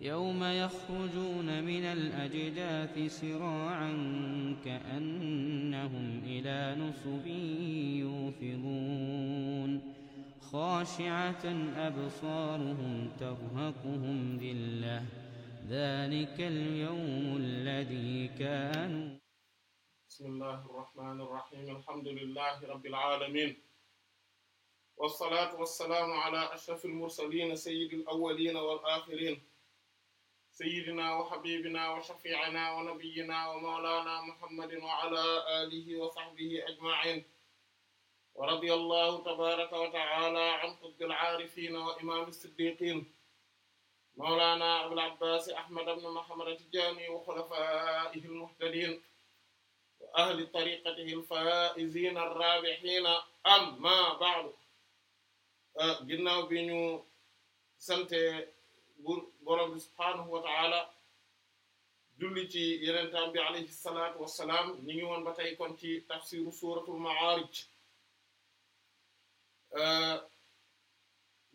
يوم يخرجون من الأجداث سراعا كأنهم إلى نصب يوفضون خاشعة أبصارهم ترهقهم ذلة ذلك اليوم الذي كانوا بسم الله الرحمن الرحيم الحمد لله رب العالمين والصلاة والسلام على أشرف المرسلين سيد الأولين والآخرين sayyidina wa habibina wa shafi'ina wa nabiyyina wa mawlana muhammadin wa ala alihi wa sahbihi ajma'in wa radiyallahu tabaraka wa ta'ala an qutbil arifin wa imam as-siddiqin mawlana abul abbas ahmad ibn muhammad at-tijani wa khulafa'ihi al-muhtadin wa ahli tariqatihi al-fa'izin ar-rabihin amma ba'du ah, ginnaaw bi ñu sante buur borom bi subhaanahu wa ta'ala julli ci yenentaan bi alayhi salaatu wassalaam ñi ngi woon ba tey kon ci tafsiru suratul ma'arij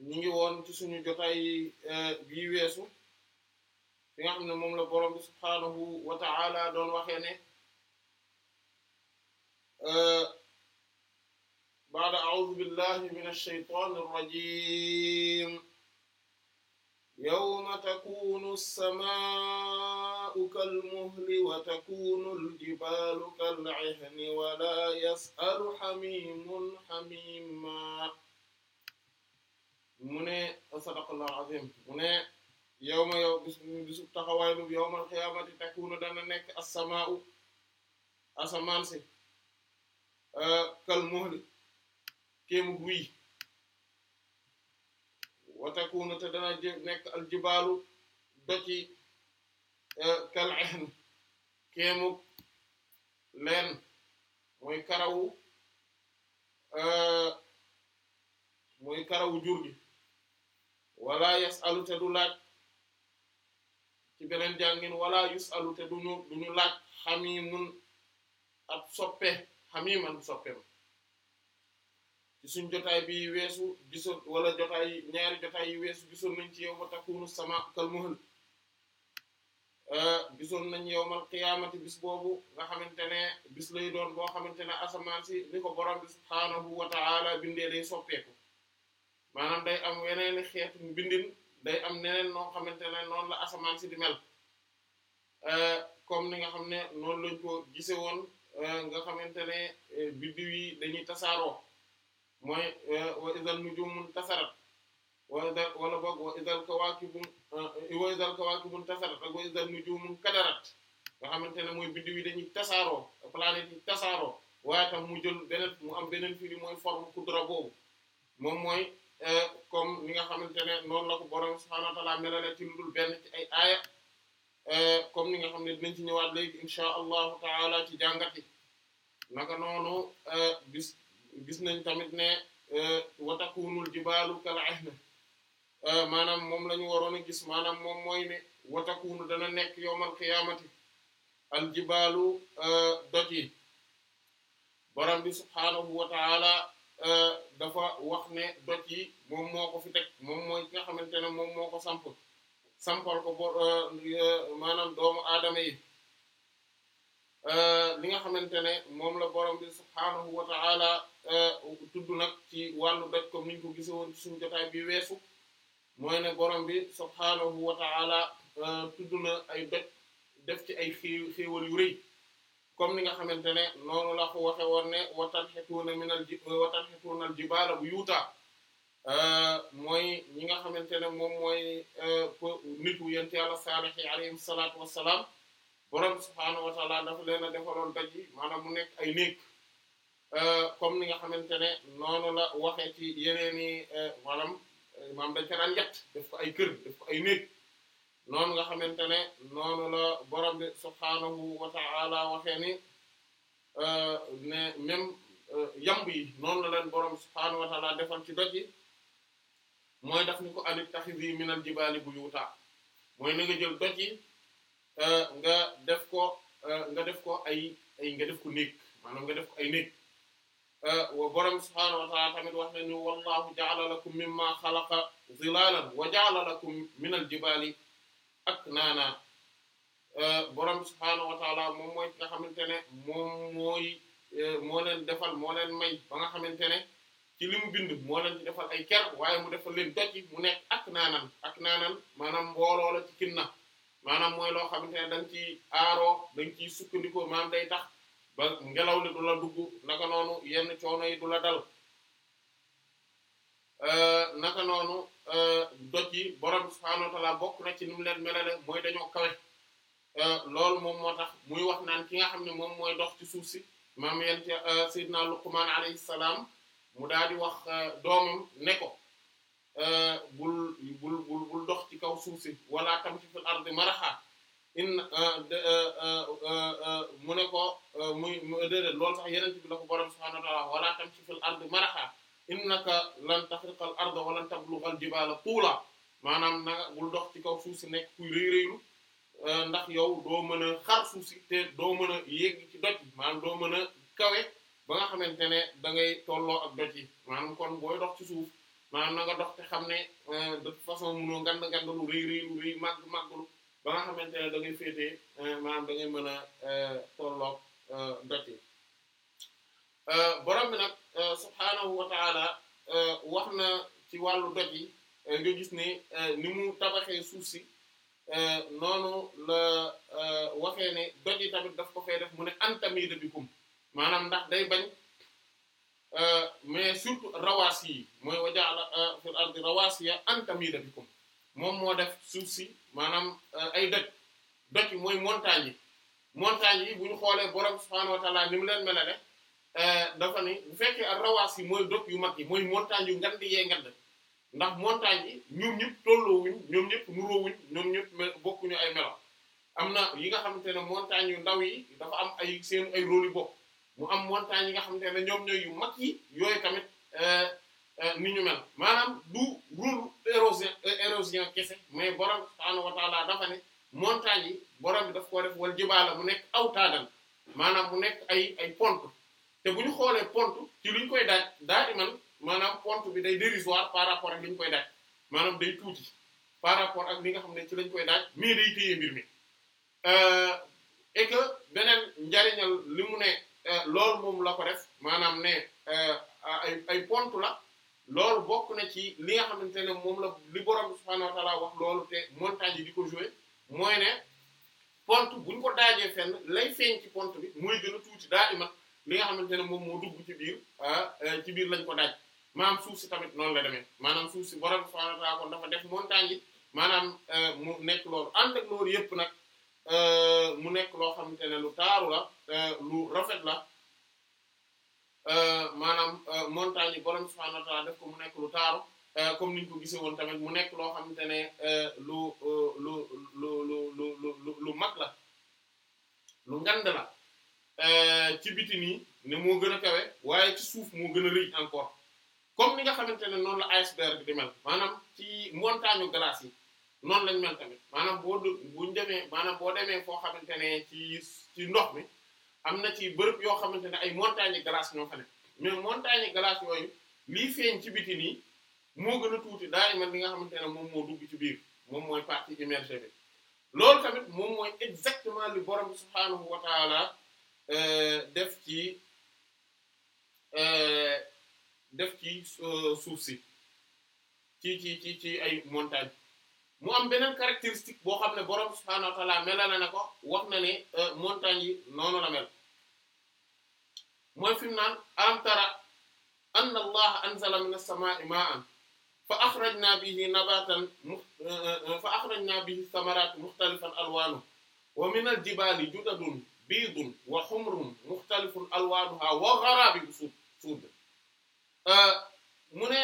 ñi ngi woon ci suñu jotaay eh, bii weesu fi nga xam ne moom la borom bi subhaanahu wa ta'ala doon waxee ne eh, ba'da a'uudu billahi minash shaytaanir rajiim yawma takunu as-samaa'u kal-muhli wa takunu al-jibaalu kal-'ihni wa laa yas'alu hamiimun hamiimaa mu ne sadaqallahu al-'aziim mu ne yawma yow bis bisu taxawaay bu yawmal qiyaamati takunu dana nekk as-samaa'u asamaan si euh, kal-muhli kéemu guy watakuna te dana nekk aljibaalu doci e, kal ehn kéemuk leen mooy karawu e, mooy karawu jur gi wala yasalu te du laaj ci beneen jàngin wala yusalu te duñu duñu laaj xamimun ab soppe xamiman soppeem ci suñ jotaay bi weesu gisoon wala jotaay ñaari jotaay yi weesu gisoon nañ ci yow ma takunu sama kal muhal euh, gisoon nañ yowmal qiyaamati bis boobu nga xamante ne bis lay doon boo xamante ne asamaan si ni ko borom bi subhaanahu wa ta'ala bindee day soppeeku maanaam day am weneeni xeetu bindin day am neneen noo xamante ne noonu la asamaan si di mel euh, comme ni nga xam ne noonu lañ ko gise woon euh, nga xamante ne dañuy tasaaroo mooy eh, wa izal nujumu intasarat wa izal wala boog wa izal kawaakibu eh, wa izal kawaakibu intasarat ak wa izal nujumu nga xamante ne mooy biddiw yi dañuy tasaaroo planètes yi tasaaroo waaye tam mu jël beneen mu am beneen firi mooy forme kudra boobu moom mooy kom eh, ni nga xamante ne noonu la ko borom subhaanahu wa ta'aala melale ci lu dul benn ci ay comme ni nga xam ne dinañ ci ñëwaat léegi insha allahu taala ci jàngat yi naka noonu gis nañ tamit ne euh, wa takunul jibaalu kal ihna euh, maanaam moom la ñu waroon a gis maanaam moom mooy ne wa takunu dana nekk yawmal qiyaamati al jibalu euh, doj yi borom bi subhaanahu wa dafa wax ne doj yi moom moo ko fi moom mooy ki nga xamante ne moom moo ko samp sampal ko bo maanaam doomu aadama yi li nga xamante ne moom la borom bi subhaanahu Euh, tudd nag ci wàllu doj comme niñ ko gisewoon ci suñu jotaay bi weesu mooy ne borom bi subhaanahu wa ta'ala euh, tudd na ay doj def ci ay xéew xéewal yu rëy comme ni nga xamante ne noonu la ko waxe woon ne wa tanhituuna minal ji euh, wa tanhituuna al jibaala buyuuta mooy ñi nga xamante ne moom mooy nitu yent yàlla saalihi alayhim salaatu wassalaam borom bi subhaanahu wa ta'ala dafa leen a defaloon doj maanaam mu nekk ay néeg Euh, comme ni nga xamante ne noonu la waxee ci yeneen i euh, maanaam euh, maam dañ ko daan def ko ay kër def ko ay néeg noonu nga xamante ne noonu la borom bi subhaanahu wa ta'ala waxee ni ne même yi noonu la leen borom bi subhaanahu wa ta'ala defal ci doj yi mooy daf ni ko anit taxisi minal jibaali buyuta mooy na nga jël doj yi nga def ko nga def ko ay ay nga def ko néeg nga def ko ay néeg Eh, borom subhaanahu wa ta'aala tamit wax nañu wallahu ja'ala lakum mimma xalaqa zilaalan wa eh, borom subhaanahu wa ta'aala moom mooy ki nga xamante ne moom eh, moo leen defal moo leen may ba nga xamante ne ci li mu bind moo ci defal ay ker waaye mu defal leen doj mu nekk aknaanan aknaanan maanaam mbooloo la ci kinna maanaam mooy loo xamante ne dañ ciy aaroo dañ ciy day tax. ba ngelaw li du la dugg naka noonu yenn coono yi du la dal euh, naka noonu euh, doj yi borom subhaanahu bokk na ci ni mu leen melale mooy dañoo kawe euh, loolu moom moo tax muy wax naan ki nga xam ne moom mooy dox ci suuf si maam yent na Luqmaan alayhi salaam mu daal di wax doomam ne ko bul bul dox ci kaw suuf si wala tamshi fil ardi maraha in uh, uh, uh, mu ne ko muy déedéet loolu sax yeneen bi la ko borom subhaanahu wa ta'aala wala tamshi fil ardi maraha innaka lan taxriqal arda wa lan tablughal jibaala tuula maanaam nanga bul dox ci kaw suuf si nekk kuy rëy rëylu ndax yow doo mën a xar suuf te doo mën a yéeg ci doj yi maanaam doo mën a kawe ba nga xamante ne da ngay tolloo ak doj yi maanaam kon booy dox ci suuf maanaam na nga dox te xam ne de façon munoo ngand ngand lu rëy rëylu rëy màgg màgglu ba nga xamante ne da ngay féetee eh, maanaam da ngay mën a eh, tolloog eh, dot yi borom bi na ci wàllu doj yi nga gis ne ni mu tabaxee suuf si noonu la waxee ne doj yi tamit daf ko def mu ne antamida bikum maanaam ndax day bañ mais surtout rawaasi yi mooy wajaala fil ardi rawaasiya antamida bikum moom moo def suuf si maanaam euh, ay doj doj mooy montagne yi montagne yi bu ñu xoolee borom subhaanahu wa ta'aala ni mu leen melale euh, dafa ni bu fekkee ak rawaas yi mooy doj yu mag yi mooy montagne yu ngand yee ngand ndax montagne yi ñu ñëpp tolloowuñ ñoom ñëpp nuroowuñ ñoom ñëpp bokkuñu ay melo am na yi nga xamante ne montagne yu ndaw yi dafa am ay seen ay rôle yu mu am montagne yi nga xamante ne ñoom ñooy yu mag yi yooyu tamit euh, Euh, ni ñu mel maanaam du rôle érosion euh, érosion kese mais borom subhaanahu wa ta'aala dafa ne montagne yi borom bi daf koo def wal jibaala mu nekk awtaadan maanaam mu nekk ay ay pont te bu ñu xoolee pont ci luñ koy daaj daa di maanaam pont bi day dérisoire par rapport ak li ñu koy daaj maanaam day tuuti par rapport ak li nga xam ne ci lañ koy daaj mais day téye mbir mi euh, et que beneen njariñal li mu ne loolu moom la ko def maanaam ne ay ay pont la. loolu bokk na ci li nga xamante ne moom la li borom subhaanahu wa wax loolu te montagne di ko joué mooy ne pont buñ ko daajee fenn lay feeñ ci pont bi mooy gën a tuuti daa imat li nga xamante ne moom moo dugg ci biir ah, eh, ci biir lañ ko daaj maanaam suuf si tamit noonu la demee maanaam suuf si borom subhaanahu wa dafa def montagne yi maanaam eh, mu nekk loolu ànd ak loolu yëpp nag eh, mu nekk loo xamante ne lu taaru la lu rafet la. Euh, maanaam euh, montagne yi borom subhaanahu wa mu nekk lu taaru euh, comme niñ ko gisee woon tamit mu nekk loo xamante ne lu lu lu lu lu lu mag la lu ngand la ci biti nii ne moo gën a kawe waaye ci suuf moo gën a rëy encore comme ni nga xamante ne noonu la iceberg di mel maanaam ci montagne glace yi noonu lañ mel tamit maanaam boo buñ demee maanaam boo demee foo xamante ne ci ci ndox mi. am na ci bërëb yoo xamante ne ay montagne glace ñoo fa ne mais montagne glace yooyu lii feeñ ci biti nii moo gën a tuuti daa man li nga xamante ne moom moo dugg ci biir moom mooy partie immergée bi loolu tamit moom mooy exactement li borom bi subhaanahu wa taala euh, def ci euh, def ci euh, suuf si ci ci ci ci ay montagne mu am beneen caractéristique boo xam ne borom subhaanahu wa ta'ala melale na ko wax na ne euh, montagne yi noonu la mel mooy fi mu naan alam tara anna allaha anzala min as-samaa'i maa'an fa akhrajna bihi nabatan euh, euh, fa akhrajna bihi thamaratin mukhtalifan alwanuhu wa min al-jibali judadun biidun wa humrun mukhtalifun alwanuha wa gharabi suud suud mu ne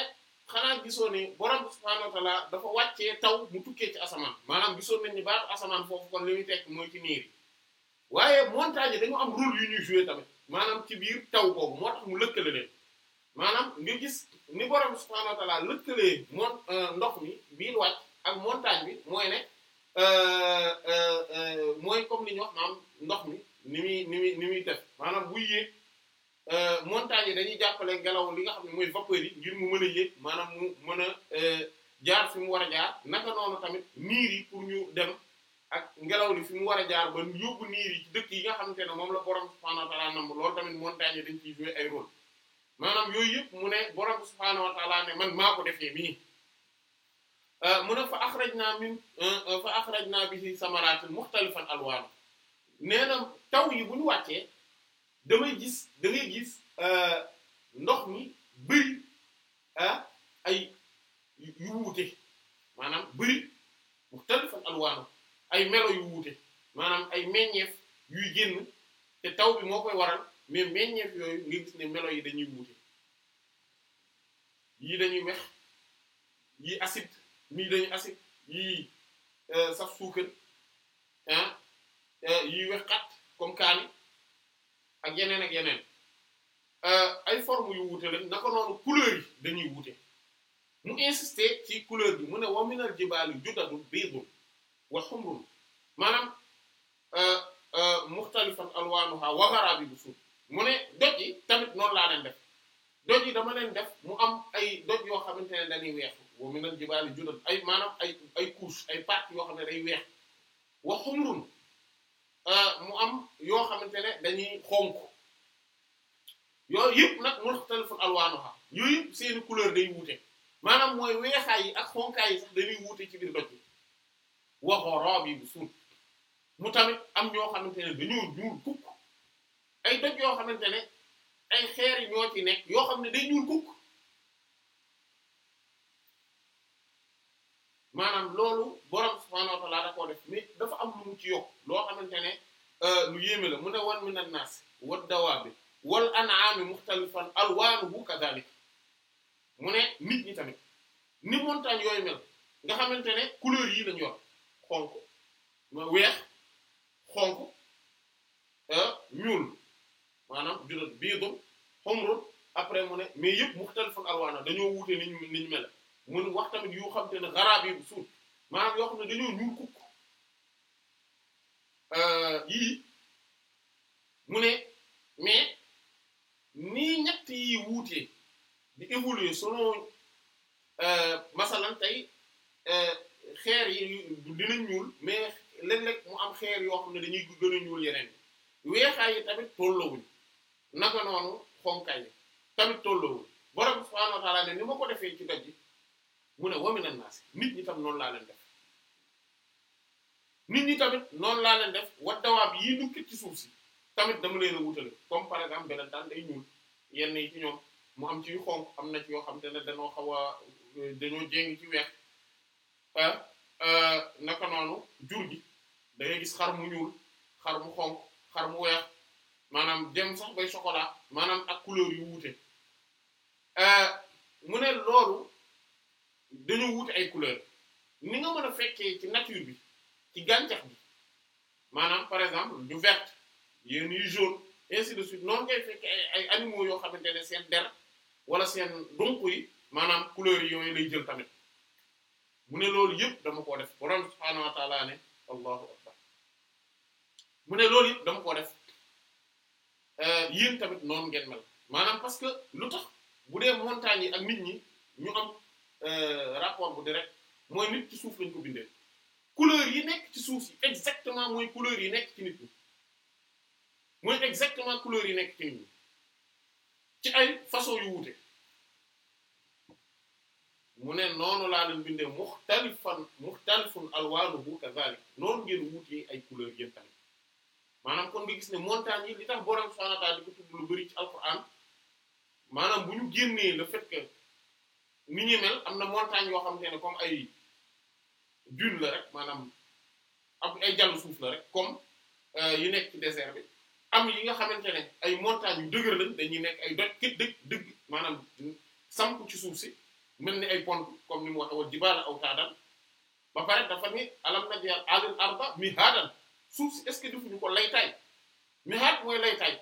xanaa gisoon ne borom bi subhaanahu dafa wàccee taw mu tukkee ci asamaan maanaam gisoon nañ ni baatu asamaan foofu kon li muy tekk mooy ci niir yi waaye montagne dañu am rôle yu ñuy jouer tamit maanaam ci biir taw boobu moo tax mu lëkk leen maanaam nga gis ni borom bi subhaanahu wa ta'aala euh, ndox mi biir wàcc ak montagne bi mooy ne euh, euh, mooy comme li ñu wax maanaam ndox mi ni muy ni muy def maanaam buy Euh, montagnes yi dañuy jàppale ngelaw li nga xam ne mooy vapeur yi ngir mu mën a yéeg maanaam mu mën a euh, jaar fi mu war a jaar naka noonu tamit niir yi pour ñu dem ak ngelaw li fi mu war a jaar ba yóbbu niir yi dëkk yi nga xamante ne moom la borom subhaanahu wa ta'ala nam loolu tamit montagnes yi dañ ciy jouer ay rôle maanaam yooyu yëpp mu ne borom subhaanahu wa ta'ala man maa ko defee nii euh, mu ne fa akhrajna min fa akhrajna bihi samaraatin mukhtalifan alwaanu nee taw yi bu damay gis da ngay gis euh, ndox mi bëri ah, ay yu wuute maanaam bëri muxtalifan alwaanu ay melo yu wuute maanaam ay meññeef yuy génn te taw bi moo koy waral mais meññeef yooyu nga gis ne melo yi dañuy wuute yii dañuy wex yi assit mii dañuy acide yii euh, saf suukar ah euh, yii wex xat comme kaani ak yeneen ak yeneen euh, ay forme yu wuute lañ naka noonu couleur yi dañuy wuute mu insisté ci couleur bi mu ne wa minal jibaalu judadun biidun wa xumrun maanaam euh, euh, muxtalifan alwaanuha wa gharabibu suud mu ne doj yi tamit noonu laa leen def doj yi dama leen def mu am ay doj yoo xamante ne dañuy weex wa minal jibaalu judad ay maanaam ay ay couche ay parties yoo xam ne day weex wa xumrun Euh, mu am yoo xamante ne dañuy xonk yooyu yëpp nag muxtalifun alwaanuha yooyu yëpp seeni couleur day wuute maanaam mooy weexaay yi ak xonkaay sax dañuy wuute ci biir doj bi waxoroob yi bu suut mu tamit am ñoo xamante ne dañoo ñuul kukk ay doj yoo xamante ne ay xeer yi ñoo nekk yoo xam ne day ñuul kukk maanaam loolu borom subhaanahu wa ta'aala da def mais dafa am lu mu ci yokk loo xamante ne euh, lu yéeme la mu ne wan min an-naas wad-dawaabi wal an'aami mukhtalifan alwaanuhu kadhaalik mu ne nit ñi tamit ni montagne yooyu mel nga xamante ne couleur yii lañu yor xonk weex xonk euh, ñuul maanaam juróom biir xomrul après mu ne mais yëpp mukhtalifan alwaana dañoo wuute ni mel. mën wax tamit yu xam te ne xaraab yi bu suut maanaam yoo xam ne dañoo ñuul kukk euh, yii mu ne mais nii ñett yi wuutee di évoluer selon euh, masalan tey euh, xeer yi dinañ ñuul mais léeg-léeg mu am xeer yoo xam ne dañuy gën ñuul yeneen weexaay yi tamit tolloowuñ naka noonu xonkaay yi tamit tolloowuñ borom subhaanahu wa ta'aala ne ni ma ko defee ci daj ji mu ne wa minan naas nit ñi tam noonu laa leen def nit ñi tamit noonu laa leen def wa dawaab yii dukki ci suuf si tamit dama leen a wutale comme par exemple beneen daal day ñuul yenn yi ci ñoom mu am ci yu xonq am na ci yoo xam te ne dañoo xaw a euh, dañoo jéngi ci weex ah, euh, naka noonu jur gi da gis xar mu ñuul xar mu xonq xar mu weex maanaam dem sax bay chocolat maanaam ak couleur yu wuute euh, mu ne loolu dañoo wut ay couleur ni nga mën a fekkee ci nature bi ci gàncax bi maanaam par exemple ñu vert yenn yu jaune ainsi de suite noonu ngay fekkee ay ay yoo xamante ne seen der wala seen donk maanaam couleur yi yooyu lay jël tamit mu ne loolu yëpp dama koo def borom subhaanahu wa ta'ala loolu yëpp dama koo def euh, yéen tamit noonu ngeen mel maanaam parce que lu tax bu dee montagne yi ak nit ñi ñu am Euh, rapport bu direct mooy nit ci suuf lañ ko bindee couleur yi nekk ci suuf si exactement mooy couleur yi nekk ci nit ñi mooy exactement couleur yi nekk ci nit ñi ci ay façon yu wuute mu ne noonu laa leen bindee muxtalifan muxtalifun alwaanuhu kazalik noonu ngeen wuute ay couleur yéen tamit maanaam kon nga gis ne montagne yi li tax borom subhanahu wa ta'ala lu bari ci alquran maanaam bu ñu génnee le fait que. ni ñuy mel am na montagne yoo xamante ne comme ay dune la rek maanaam am ay jall suuf la rek comme euh, yi nekk ci désert bi am yi nga xamante ne ay montagnes yu dëgër lañ dañuy nekk ay doj kët dëgg dëgg maanaam samp ci suuf si mel ni ay pont comme ni mu waxee woon jibaala aw taadan ba pare dafa ni alam naj'al alil arda mihaadan suuf si est ce que defuñu ko laytaay mihaad mooy laytaay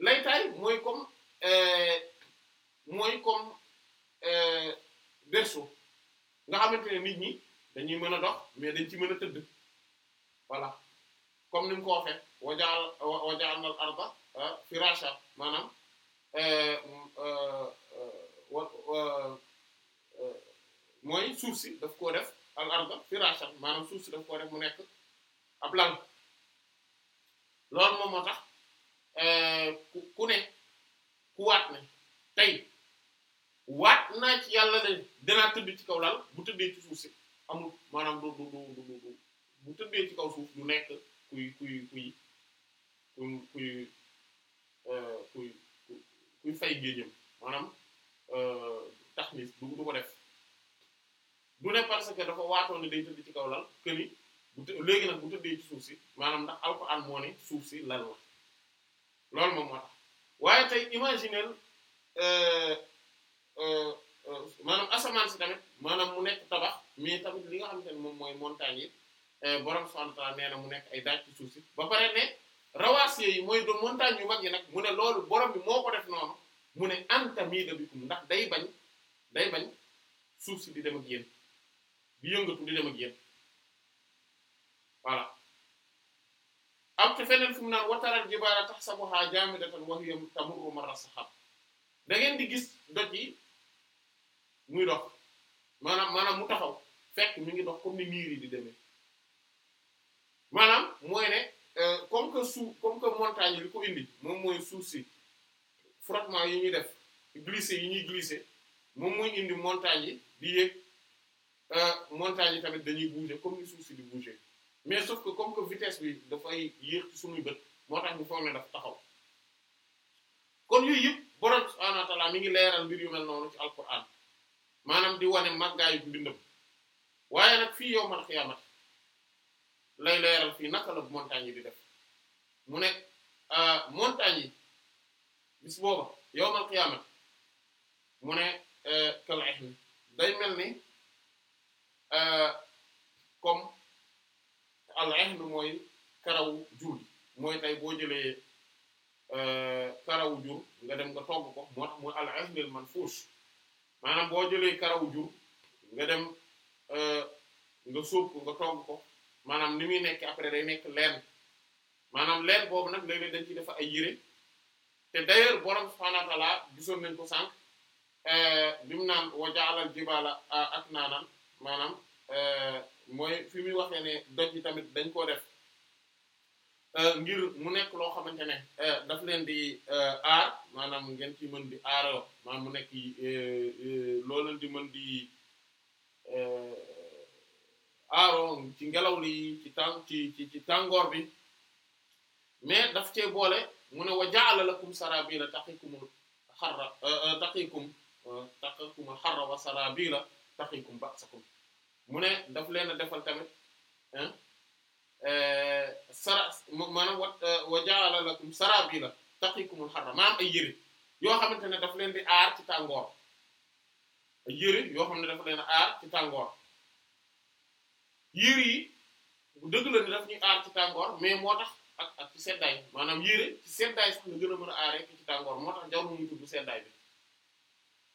laytaay mooy comme euh, mooy comme Euh, berceau nga xamante ne nit ñi dañuy mën a dox mais dañ ci mën a tëdd voilà comme ni mu ko waxee wajaal wajaalna al arda euh, firasha maanaam euh, mooy suuf daf koo def al arda firasha maanaam suuf mu nekk ab lal loolu moom moo tax ku ne ku waat ne tey waat naa ci yàlla ne danaa tëdd ci kaw lal bu tëddee ci suuf si amul maanaam du du du du bu tëddee ci kaw suuf du nekk kuy kuy kuy kuy kuy euh, kuy fay géejëm maanaam euh, tax ni du ko def du ne parce que dafa waatoon day tëdd ci kaw lal que ni bu léegi nag bu tëddee ci suuf si maanaam ndax alxuraan moo ne suuf si lal la loolu moom moo waaye tey imaginez euh, Euh, euh, maanaam asamaan si tamit maanaam mu nekk tabax mais tamit li nga xamante ne moom mooy montagne yi euh, borom subhanahu wa ta'ala na mu nekk ay daaj ci suuf si ba pare ne rawaasiye yi mooy de montagne yu mag yi nag mu ne loolu borom bi moo ko def noonu mu ne antamida bikum ndax day bañ day bañ suuf si di dem ak yéen di yëngatu di dem ak yéen voilà am te feneen fu mu naan wataral jibaala tahsabuha jaamidatan wa hiya tamurru marra sahab da ngeen di gis doj yi. muy dox maanaam maanaam mu taxaw fekk mu ngi dox comme ni niir yi di demee maanaam mooy ne euh, comme que suuf comme que montagne li ko indi moom mooy suuf si frottement yi ñuy def glisser yi ñuy glisser moom mooy indi montagne yi di yéeg euh, montagne yi tamit dañuy bouger comme ni suuf si di bouger mais sauf que comme que vitesse bi dafay yéex ci suñuy bët moo tax ñu foog ne daf taxaw kon yooyu yëpp borom subhaanahu wa mi ngi leeral mbir yu mel noonu ci alquran maanaam di wane màggaayu mbindam waaye nag fii yow mal xiyaamat lay leeral fii naka la montagne yi di def mu ne montagne yi bis booba yow mal mu ne e, kal ehni day mel ni kom e, al ehn mooy karaw jur gi mooy tey boo jëlee e, karawu jur nga dem nga togg ko moo tax mooy al ehnil maanaam boo jëlee karaw jur nga dem euh, nga sóob ko nga togg ko maanaam ni muy nekk après day nekk leen maanaam leen boobu nag léeg-léeg dañ ci defa ay yére te d'ailleurs borom subhanahu wa ta'ala gisoon nañ ko sànq bi euh, mu naan wa ja'alal jibaala aknaanan maanaam euh, mooy fi muy waxee ne doj yi tamit dañ koo def Euh, ngir mu nekk loo xamante ne euh, daf leen di euh, aar maanaam ngeen ci mën di aaroo maanaam mu nekk loo leen di mën di aaro ci ngelaw li ci tàng ci ci tàngoor bi mais daf cee boole mu ne wa ja'ala lakum sarabila taqikumul xarra taqikum taqikumul xarra wa sarabila taqikum ba'sakum mu ne daf leen a defal tamit sara maanaam wa eh, wa ja'ala lakum sarabila taqikumul harra maanaam ay yére yoo xamante ne daf leen di aar ci tàngoor yére yoo xam ne dafa leen aar ci tàngoor yére yi bu dëgg la ni daf ñuy aar ci tàngoor mais moo tax ak ak ci seddaay maanaam yére ci seddaay sax nga gën a mën a aaree ci tàngoor moo tax jaww mu tudd seddaay bi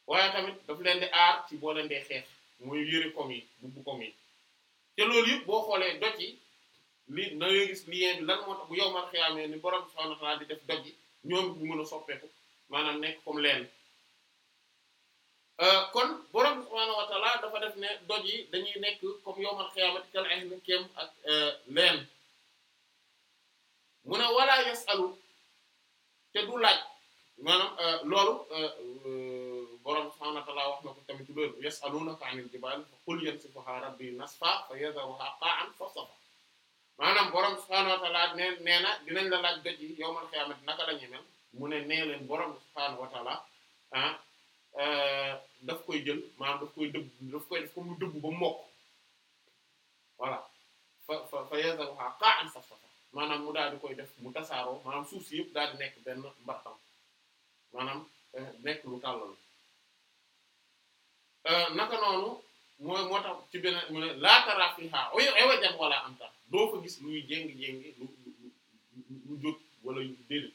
waaye tamit daf leen di aar ci boo leen dee xeex mooy yére koom yi bubb koom yi te loolu yëpp boo xoolee doj li da ngay gis lien bi lan moo tax bu yow man ni borom subhanahu wa di def doj yi ñoom bu mën a soppeeku maanaam nekk comme leen euh, kon borom subhanahu wa dafa def ne doj yi dañuy nekk comme yow man xiyaamati kal ak euh, leen mu ne wala yasalu te du laaj maanaam euh, loolu borom subhanahu wa wax na ko tamit loolu yasalunaka anil jibal fa qul yansifuha maanaam borom subhaanahu wa taala nee dinañ la laaj doj yi a qiyaamati naka la mel mu ne nee leen borom subhaanahu wa taala ah, euh, daf koy jël maanaam daf koy dëbb daf koy def ko mu dëbb ba mokk voilà fa fa fa yazruha qa'an safsafa maanaam mu daal di koy def mu tasaaroo maanaam suuf si yëpp daal di nekk benn mbartam maanaam eh, nekk lu tàllal euh, naka noonu. moo moo tax ci beneen mu ne laa tara fiha iwajan wala amta doo fa gis luy jéngi-jéngi lu lu jóg wala déedéet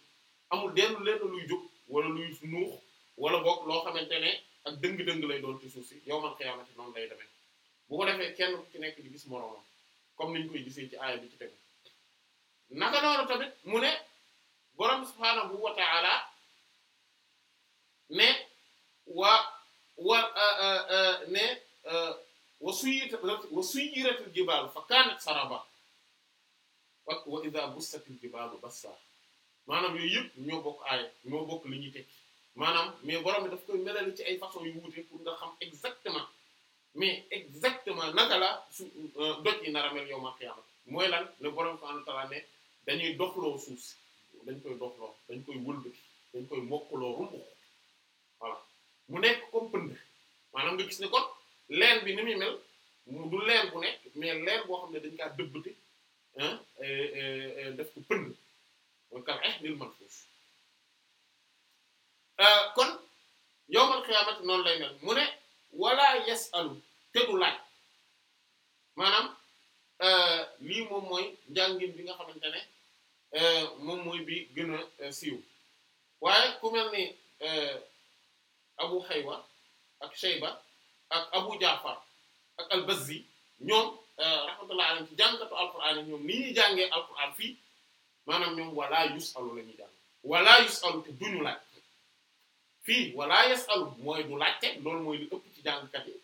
amul dellu lenn luy jóg wala luy nuux wala boog loo xamante ne ak dëng-dëng lay doon ci suuf si yow man xiyaamati noonu lay demee bu ko defee kenn ci nekk di gis moroomam comme niñ koy gisee ci aaya bi ci tegu naka noonu tamit mu ne borom subhaanahu wa ta'ala ne wa wa ne wa suyyirat wa suyyiratil jibaalu fa kaanat saraba wa wa idha bussatil jibaalu bassa maanaam yooyu yëpp ñoo bokk aaya ñoo bokk li ñuy tekki maanaam mais borom bi daf koy melal ci ay façon yu wuute pour nga xam exactement mais exactement naka la su euh, doj yi nar a mel yawmal qiyaama mooy lan ne borom ko ànd tala ne dañuy doxloo suuf si dañ koy doxloo dañ koy wëlbati dañ koy mokkuloo rumbux voilà mu nekk comme pënd maanaam nga gis ne kon. leer bi ni muy mel mu du leer bu nekk mais leer boo xam ne dañ kaa dëbbate ah eh, eh, eh, def ko pënd mooy kal eh nil man foofu euh, kon yowmal xiyaamati noonu lay mel mu ne wala yasalu te du laaj maanaam euh, lii moom mooy njàngin bi nga xamante ne euh, moom mooy bi gën siiw waaye ku mel ni Abu Haywa ak Shayba ak Abu Jaafar ak al-Bazzi ñoom euh, rahmatullahi ci jàngatu alquran ñoom ni ñuy jàngee alquran fii maanaam ñoom wala yusalu la ñuy jàng wala yusalu te duñu laaj fii wala mooy du laajte loolu mooy li ëpp ci jàngkat yi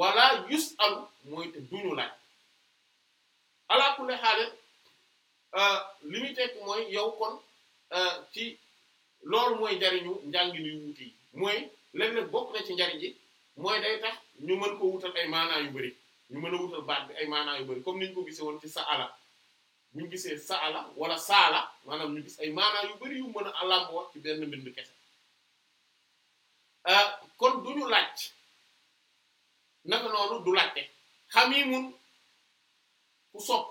wala yusalu mooy te duñu laaj ala kulli haal euh, mooy yow kon euh, ci loolu mooy njariñu njàngin yu wuute yi mooy léeg bokk na ci njariñ yi mooy day tax ñu mën ko wutal ay maanaa yu bari ñu mën a wutal baat bi ay maanaa yu bari comme niñ ko gisee woon ci saala buñu gisee saala wala saala maanaam ñu gis ay maanaa yu bari yu mën a làmb wax ci benn mbind kese euh, kon duñu laaj naka noonu du laajte xamimun ku sopp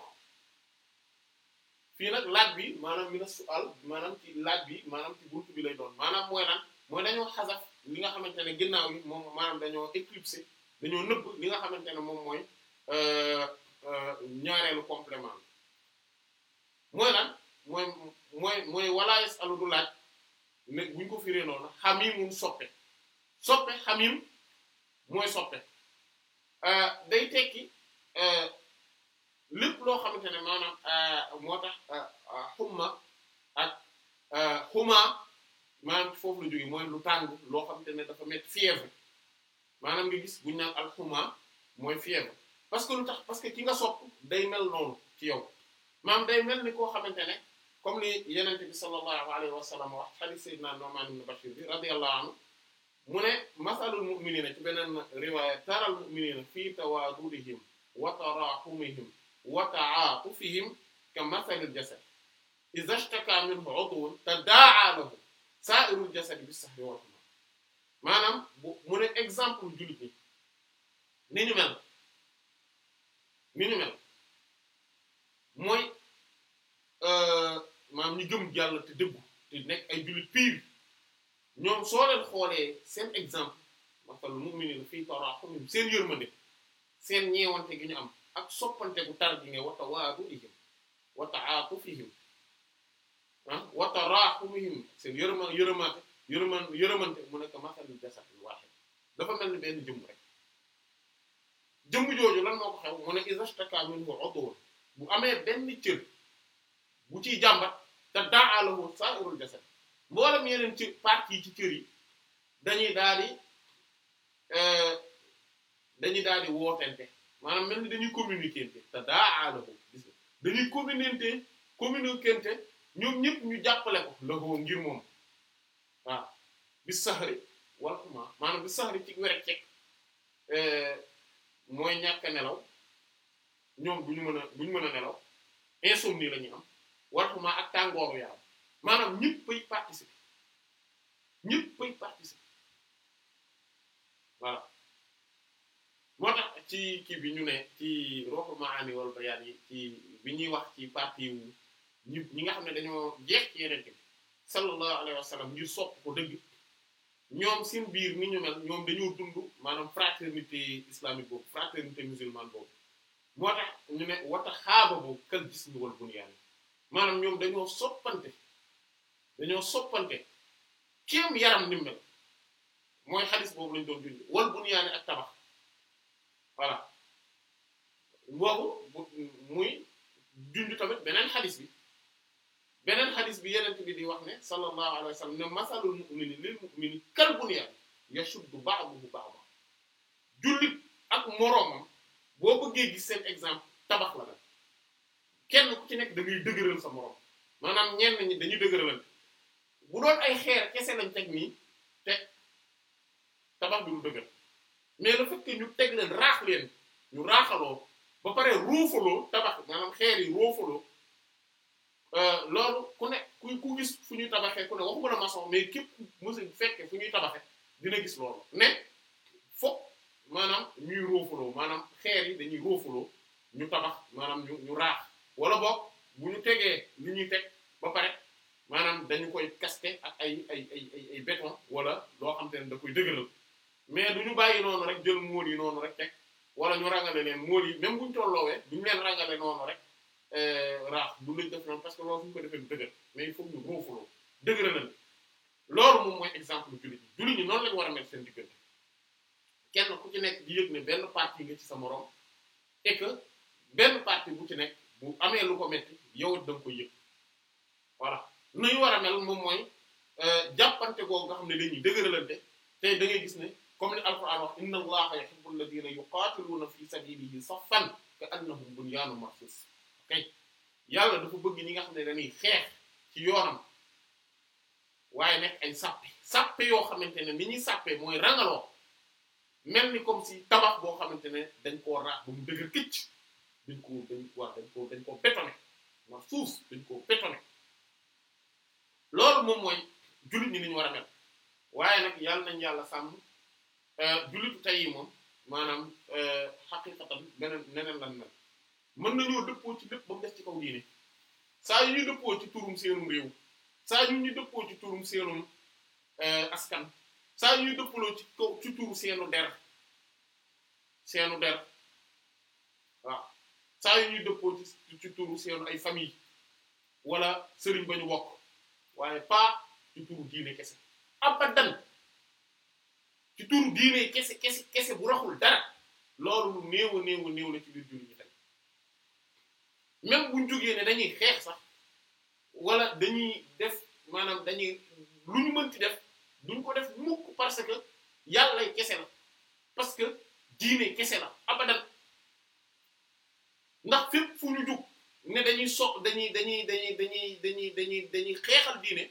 fii nag laaj bi maanaam mi na sual maanaam ci laaj bi maanaam ci buntu bi lay doon maanaam mooy lan mooy dañoo xasaf li nga xamante ne ginnaaw yi moom maanaam dañoo éclipsé dañoo nëbb li nga xamante ne moom mooy euh, euh, ñaareelu complément bi mooy lan mooy mooy mooy walaayes alu du laaj ne buñ ko firee noonu xamimun soppe soppe xamim mooy soppe euh, day tekki lépp loo xamante ne maanaam moo tax xumma ak xuma maanaam foofu la jógee mooy lu tàng loo xamante ne dafa métti fièvre maanaam nga gis bu ñu naan alxuma mooy fièvre parce que lu tax parce que ki nga sopp day mel noonu ci yow maanaam day mel ni koo xamante ne comme ni yeneen bi sallallahu alayhi wa sallam wax hadith sayyidina Nu'man ibn Bashir bi radiyallahu anhu mu ne masalul mu'minina ci beneen riwaaya taral mu'minina fii tawaadudihim wa tarahumihim wa ta'aatufihim ka masalil jasad idha ishtaka minhu 'udwun tadaa'a lahu saa irul jasadi bi sax di watu maanaam bu mu ne exemple jullit ñi ni ñu mel ñu mel mooy euh, maanaam ñu gëm yàlla te dëggu nekk ay jullit piir ñoom soo leen xoolee seen exemple matal mu'minina fii tarahumihim seen yërmande seen ñeewante gi ñu am ak soppante gu tar gi nga wa tawaadudihim wa ta'aatufihim ah wa tarahumihim seen yërëma yërëmaate yërëman yërëmante mu nekk masalil jasad waaxid dafa mel ni benn jëmm rek jëmm jooju lan moo ko xew mu ne izashtaka minhu udwun bu amee benn cër bu ciy jàmbat te daa lahu sa'irul jasad mboolem yeneen ci partie ci cër yi dañuy daal di euh, dañuy daal di wootente maanaam mel ni dañuy communiquer te daa lahu gis dañuy communiquer ñoom ñëpp ñu jàppale ko lëxoo ngir moom waaw bi saxari wal xumaa maanaam bi saxari ci werek cek eh, mooy ñàkk nelaw ñoom bu ñu mën a bu mën a nelaw insomnie la ñu am wal xumaa ak tàngooru yaram maanaam ñëpp ay participer ñëpp ay moo tax ci kii bi ñu ne ci Ruuhul Maani wal Bayaan yi ci bi ñuy wax ci partie ñi ñi nga xam ne dañoo jeex ci yeneen bi sallallahu alayhi wa sopp ko dëgg ñoom seen biir ni ñu mel ñoom dañoo dund maanaam fraternité islamique boobu fraternité musulmane boobu moo tax xaaba boobu kal maanaam ñoom dañoo soppante dañoo soppante kéem yaram ni mel mooy xadis boobu lañ doon dund tamit beneen xadis bi beneen xadis bi yenent bi di wax ne sallallahu alayhi wa sallam ne masalul mu'mini lil mu'mini kal bu yashuddu ba'duhu ba'dan jullit ak moroomam boo bëggee gis seen exemple tabax la nag kenn ku ci nekk da ngay sa moroom maanaam ñeen ñi dañuy dëgëralante bu doon ay xeer kese lañ teg nii teg tabax bi du dëgër mais le fait que ñu teg leen raax leen ñu raaxaloo ba pare roofaloo tabax maanaam xeer yi roofaloo Euh, loolu ku ne ku ku gis fu ñuy tabaxee ku ne waxuma la maçon mais képp mos bu fekkee fu ñuy tabaxee dina gis loolu ne fokk maanaam ñuy roofaloo maanaam xeer yi dañuy roofaloo ñu tabax maanaam ñu raax wala boog bu ñu tegee li ñuy teg ba pare maanaam dañu koy kaste ak ay ay ay ay ay béton wala loo xam te ne da koy dëgëral mais duñu bàyyi noonu rek jël mool yi noonu rek teg wala ñu rangale leen mool yi même buñu tolloowee ñu leen rangale noonu rek Euh, raax bu luñ def noonu parce que loolu fu ñu ko defee dëgër mais il faut ñu roofuloo dëgëra loolu moom mooy exemple jullit yi jullit ñi noonu lañu war a mel seen diggante kenn ku ci nekk di yëg ne benn partie nga ci sa morom et que benn partie bu ci nekk bu amee lu ko metti yow da nga koy yëg voilà nuñu war a mel moom mooy euh, jàppante googu nga xam ne dañuy dëgëralante tey da ngay gis ne comme li alquran wax inna allaha yuhibbu alladhina yuqatiluna fi sabilihi saffan ka annahum bunyanun marsus kay yàlla ko bëgg ñi nga xam ne dañuy xeex ci yoonam waaye nekk ay sàppe sàppe yoo xamante ne ni ñuy sàppe mooy rangaloo mel ni comme si tabax boo xamante ne dañ koo raax ba mu dëgër këcc dañ dañ ko dañ koo dañ koo bétonné ma suuf dañ koo bétonné loolu moom mooy jullit ñi ni ñu war a mel waaye nag yàlla nañ yàlla sàmm euh, jullitu tey moom maanaam euh, xaqiqatan beneen neneen lan mel mën nañoo dëppoo ci lépp ba mu def ci kaw diine saa yi ñu dëppoo ci turum seenum réew saa yu ñu dëppoo ci turum seenum euh, askan saa yu ñu ci ci turu seenu der seenu der waaw saa yu ñuy dëppoo ci ci turu seenu ay famille walla sëriñ ba ñu bokk waaye pas ci turu diine kese abadan ci turu diine kese kese bu raxul dara loolu lu néew a néew a ci biir jullit même buñ jógee ne dañuy xeex sax wala dañuy def maanaam dañuy lu ñu mënti def duñ ko def mukk parce que yàlla kese la parce que diine kese la abadan ndax fépp fu ñu jug ne dañuy sox dañuy dañuy dañuy dañuy dañuy dañuy dañuy xeexal diine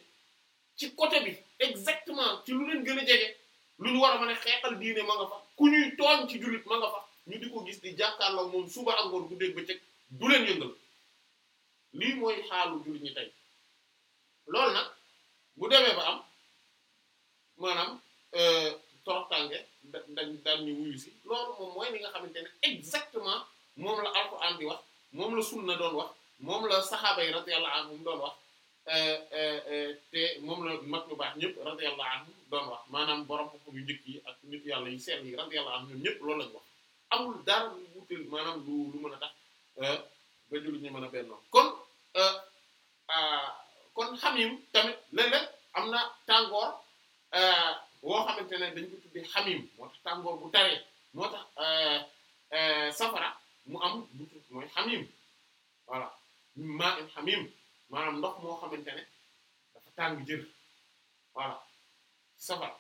ci côté bi exactement ci lu leen gën a jege lu ñu war a mën a xeexal diine ma nga fa ku ñuy tooñ ci jullit ma nga fa ñu di ko gis di jàkkaarloo moom suba ak ngoon guddeeg bëccëg du leen yëngal lii mooy xaalu jullit ñi tey loolu nag bu demee ba am maanaam euh, tortange dañ dañ ñu wuyu si loolu moom mooy li nga xamante ne exactement moom la alxuraan di wax moom la na doon wax moom la saxaaba yi radiyallahu am doon wax euh, euh, te moom la mag lu baax ñëpp radiyallahu anhum maanaam borom xam-xam yu njëkk yi ak nit yi yu seet yi radiyallahu anhum ñëpp loolu lañu wax amul dara lu maanaam lu lu mën a tax ba jullit mën a bennoo kon Euh, euh, kon xamim tamit lée léeg am na tàngoor euh, woo xamante ne dañ ko tuddee xamim moo tàngoor bu taree moo tax safara mu am bu tudd mooy xamim voilà ndox moo xamante ne dafa tàng jër voilà safara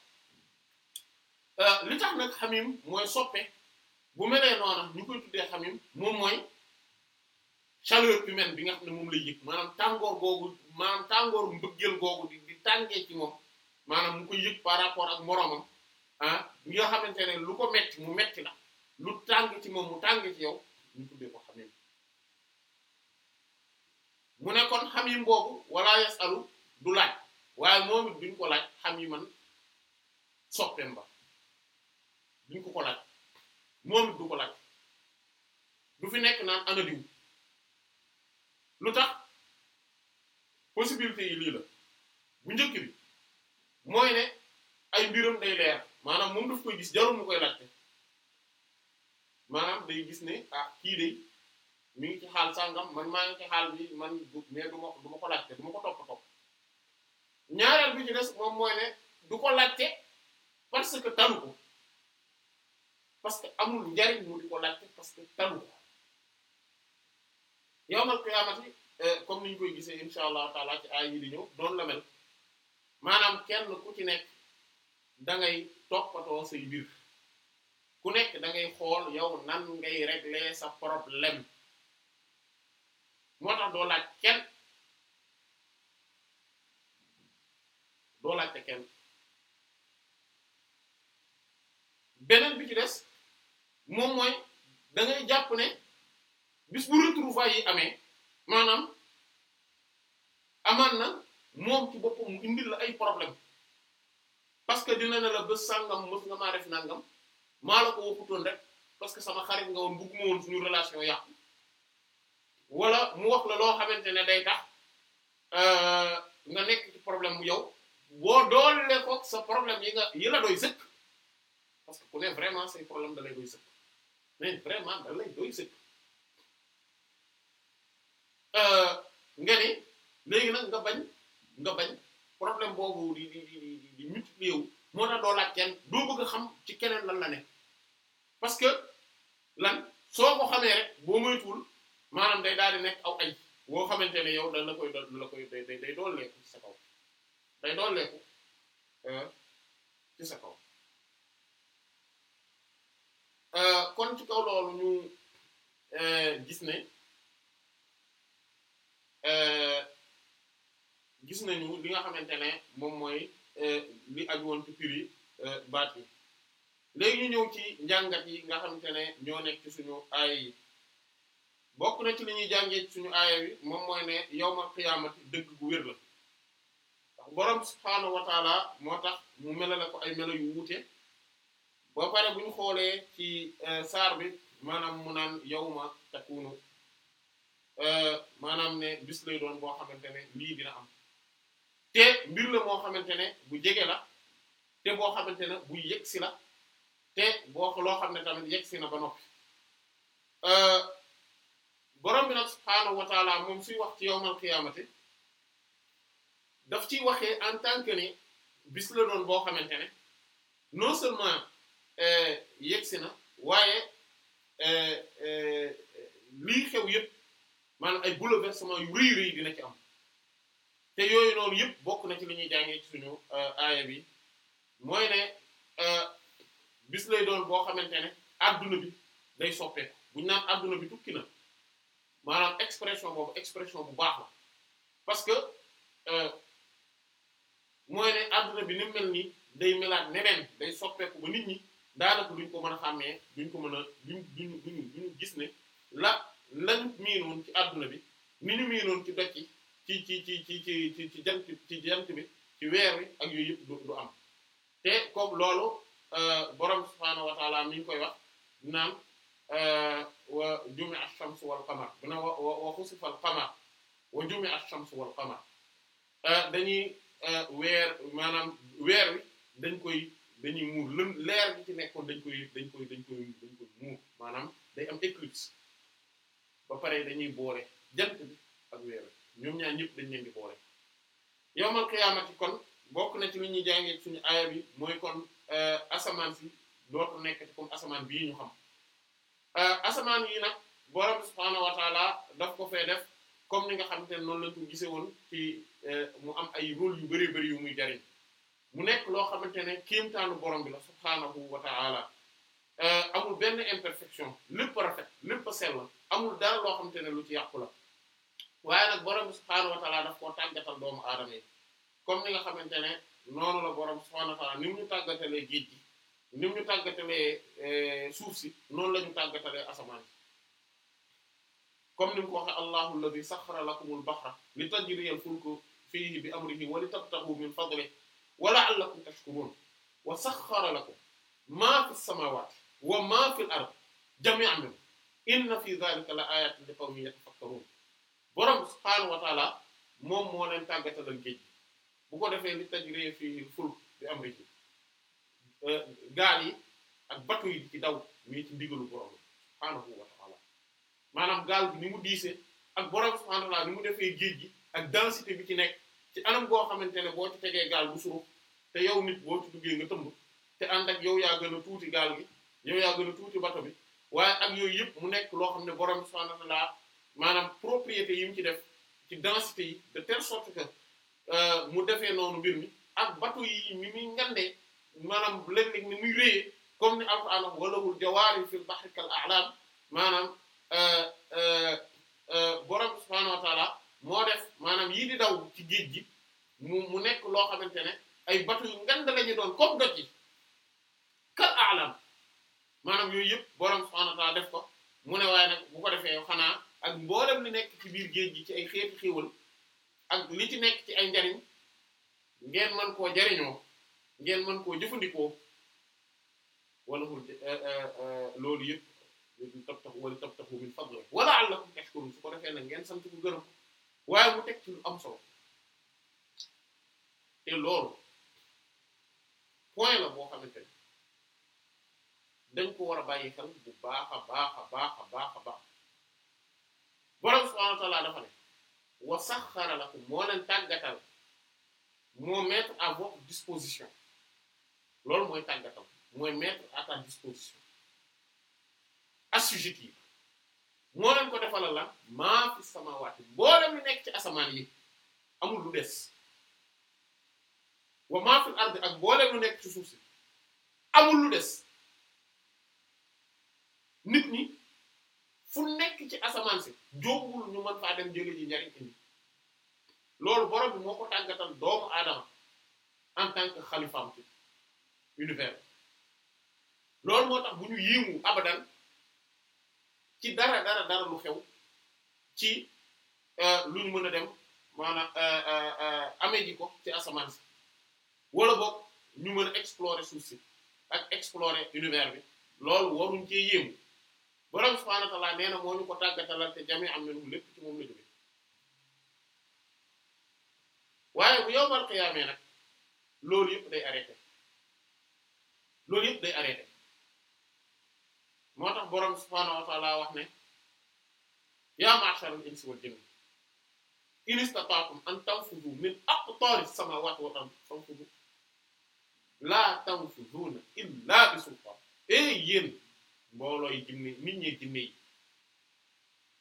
li tax nag xamim mooy soppe bu melee noonu koy tuddee xamim moom mooy chaleur humaine bi nga xam ne moom la yëg maanaam tàngoor googu maanaam tàngoor mbëggeel googu di tàngee ci moom maanaam mu ko yëg par rapport ak moromam ah bi nga xamante ne lu ko metti mu metti la lu tàng ci moom mu tàng ci yow ko xamim mu ne kon yi boobu wala yasalu du laaj waaye moo it duñ ko laaj xamiman soppeem ba duñ ko ko laaj moom it du ko laaj du fi nekk naan anadiw lu tax possibilité yi lii la bu njëkk bi mooy ne ay mbiram day leer maanaam moom daf koy gis jarul mu koy laajte maanaam day gis ne ah kii day mi ngi ci xaal sàngam man maa ngi ci xaal bi man du ma du ma ko laajte du ma ko topp topp ñaareel bi ci des moom mooy ne du ko laajte parce que talu ko parce que amul njariñ mu di ko laajte parce que talu ko yawmal qiyaamati eh, comme ñu koy gisee insha allah taala ci ay yi di ñëw doon la mel maanaam kenn ku ci nekk dangay ngay toppatoo say mbir ku nekk da ngay xool yow nan ngay régler sa problème moo tax doo laaj kenn doo laajte kenn beneen bi ci des moom mooy da jàpp ne. bis bu retrouvailles yi amee maanaam amaan na moom ci boppam mu indil la ay problème parce que dina ne la bés sàngam mës nga maa def nangam maa la ko waxutoon rek parce que sama xarit nga woon bëgguma woon suñu relation yàqu wala mu wax la loo xamante ne day tax euh, nga nekk problème bu yow boo doole ko sa problème yi nga yi la doy sëkk parce que ku ne vraiment say problème da lay doy sëkk mais vraiment da doy sëkk Euh, nga ne léegi nag nga bañ nga bañ problème boobu di di di di multiplier wu moo tax doo laaj kenn doo bëgg a xam ci keneen lan la ne parce que lan soo ko xamee rek boo moytuwul maanaam day daal di nekk aw añ boo xamante ne yow da la koy da day day day dooleeku ci ci sa kaw euh, euh, kon ci kaw loolu ñu gis ne. Euh, gis nañu li nga xamante ne moom mooy euh, li aju woon ci euh, baat yi léegi ñu ñëw ci njàngat yi nga xamante ne ñoo nekk ci suñu aaya yi bokk na ci li ñuy jàngee ci suñu aaya yi moom mooy ne yawmal qiyaamati dëgg gu wér la ndax borom moo tax mu melale ko ay melo yu wuute ba pare bu ñu xoolee ci saar bi maanaam mu naan yawma takunu Euh, maanaam ne bis lay doon boo xamante ne lii dina am te mbir la moo xamante ne bu jege la te boo xamante ne bu yegg si la te boo loo xam ne tamit yegg si na ba noppi euh, borom bi nag subhaanahu wa moom suy wax ci yowmal qiyaamati daf ciy waxee en tant que ne bis la doon boo xamante ne non seulement euh, yegg si na waaye lii xew yépp maanaam ay bouleversement yu rëy rëy dina ci am te yooyu noonu yëpp bokk na ci li ñuy jàngee ci suñu euh, aaya bi mooy ne euh, bis lay doon boo xamante ne adduna bi day soppeeku buñu naan adduna bi tukki na maanaam expression boobu bu baax parce que euh, mooy ne bi ni mel nii day melaat neneen day soppeeku ba nit ñi daanaka duñ ko mën a xàmmee duñ ko mën a duñ duñ duñ gis ne la lañ miinoon ci àdduna bi ni ñu miinoon ci doj ci ci ci ci ci ci ci jant ci jant ci weer wi ak yooyu yëpp du am te comme loolu euh, borom subhaanahu wa taala mi ngi koy wax naan euh, wa jumi ash-shamsu wal qamar bina wa wa xusifa al wa jumi ash-shamsu wal qamar euh, dañuy weer maanaam weer wi dañ koy dañuy muur lëm leer bi ci nekkoon dañ koy dañ koy dañ muur maanaam day am éclipse ba pare dañuy boore jant bi ak weer ñoom ñaar ñëpp dañ leen di boole yawmal qiyaamati kon bokk na ci li ñuy jàngee suñu aaya bi mooy kon euh, asamaan si dootu nekk comme asamaan bii ñu xam euh, asamaan yi nag borom subhaanahu daf ko fee def comme ni nga xam ne noonu lañ ko gisee woon ci euh, mu am ay rôle yu bari yu muy jariñ mu nekk loo xamante ne kéemtaanu borom bi la subhaanahu wa taala amul benn imperfection lépp rafet lépp a la amul dara loo xamante ne lu ci yàqu la waaye nag borom subhaanahu wa taala daf ko tàggatal doomu aadama yi comme ni nga xamante ne noonu la borom subhaanahu wa taala ni ñu tàggatalee géej gi ni mu ñu tàggatalee eh, suuf si noonu lañu ñu tàggatalee asamaan comme ni mu ko waxee allahu alladi saxara lakumul baxra li tajriyal fulku fiihi bi amrihi wa li tabtaxu min fadlihi wa la'allakum tashkurun wa saxara lakum maa fi samaawaati wa maa fi l ard jami'an minhu inna fi zalika la ayatin li qawmin yatafakkarun borom subhaanahu wa moom moo leen tàggatalal géej gi bu ko defee li tajri fi fulk bi euh, gaal yi ak bateau yi ci daw mii ci ndigalu borom subhaanahu wa taala maanaam gaal bi ni mu diisee ak borom subhaanahu wa ni mu defee géej gi ak densité bi ci nekk ci anam boo xamante ne boo ci tegee gaal bu suruf te yow nit boo ci duggee nga tëmb te ànd ak yow yaa gën a tuuti gaal gi yow yaa gën a tuuti bi. waaye ak yooyu yëpp mu nekk loo xam ne borom bi subhanahu wa maanaam propriété yi mu ci def ci densité yi de telle sorte que euh, mu defee noonu mbir mi ak batu yi ni muy ngandee maanaam léeg-léeg ni muy réyee comme ni alquran wax walahul jawaari fil bahri kal a'lam maanaam euh, euh, borom subhanahu wa moo def maanaam yii di daw ci géej gi mu mu nekk loo xamante ne ay bateau yu ngand la ñu doon comme doj yi kal a'lam maanaam yooyu yëpp borom subhaanahu wa ta'ala def ko mu ne waaye nag bu ko defee xanaa ak mboolem li nekk ci biir géej gi ci ay xeeti xéewal ak li ci nekk ci ay njariñ ngeen mën koo jariñoo ngeen mën koo jëfandikoo wala mu eh, eh, eh, loolu yëpp tabtaxu wa la'allakum tashkurun su ko defee nag ngeen sant ko gërëm waaye mu teg ci lu am solo te loolu point la boo xamante ne dañ ko war a bàyyi xel bu baax a baax a baax a baax a baax borom subhanahu wa ta'ala dafa ne wa saxxara lakum moo leen tàggatal moo mettre à votre disposition loolu mooy tàggatal mooy mettre à ta disposition assujetti moo leen ko defalal la maa fi samaawaati mboolem lu nekk ci asamaan yi amul lu des wa maa fil ardi ak mboolem lu nekk ci suuf si amul lu des. nit ñi fu nekk ci asamaan si jógul ñu mën faa dem jële ji njariñ indi loolu borom bi moo ko tàggatal doomu aadama en tant que xalifaam ci univers loolu moo tax bu ñu yiimu abadan ci dara dara dara lu xew ci euh, lu ñu mën a dem maanaam euh, euh, amee ji ko ci asamaan si wala boog ñu mën a explorer suuf si ak explorer univers bi loolu waruñ cee yéemu borom subhaanahu wa ta'aala nee moo ñu ko tàggatalal te jami am nañu lépp ci moom la waaye bu yowmal nag loolu yëpp day arrêté loolu yëpp day arrêté moo tax borom subhaanahu wa ta'aala wax ne yaa ma'sharal insi wal jinni in istata'tum an tanfudu min aqtaari samaawaati wal ardi fanfudu laa tanfuduuna illaa bi sultaan ee mboolooy jinne nit ñi jinne yi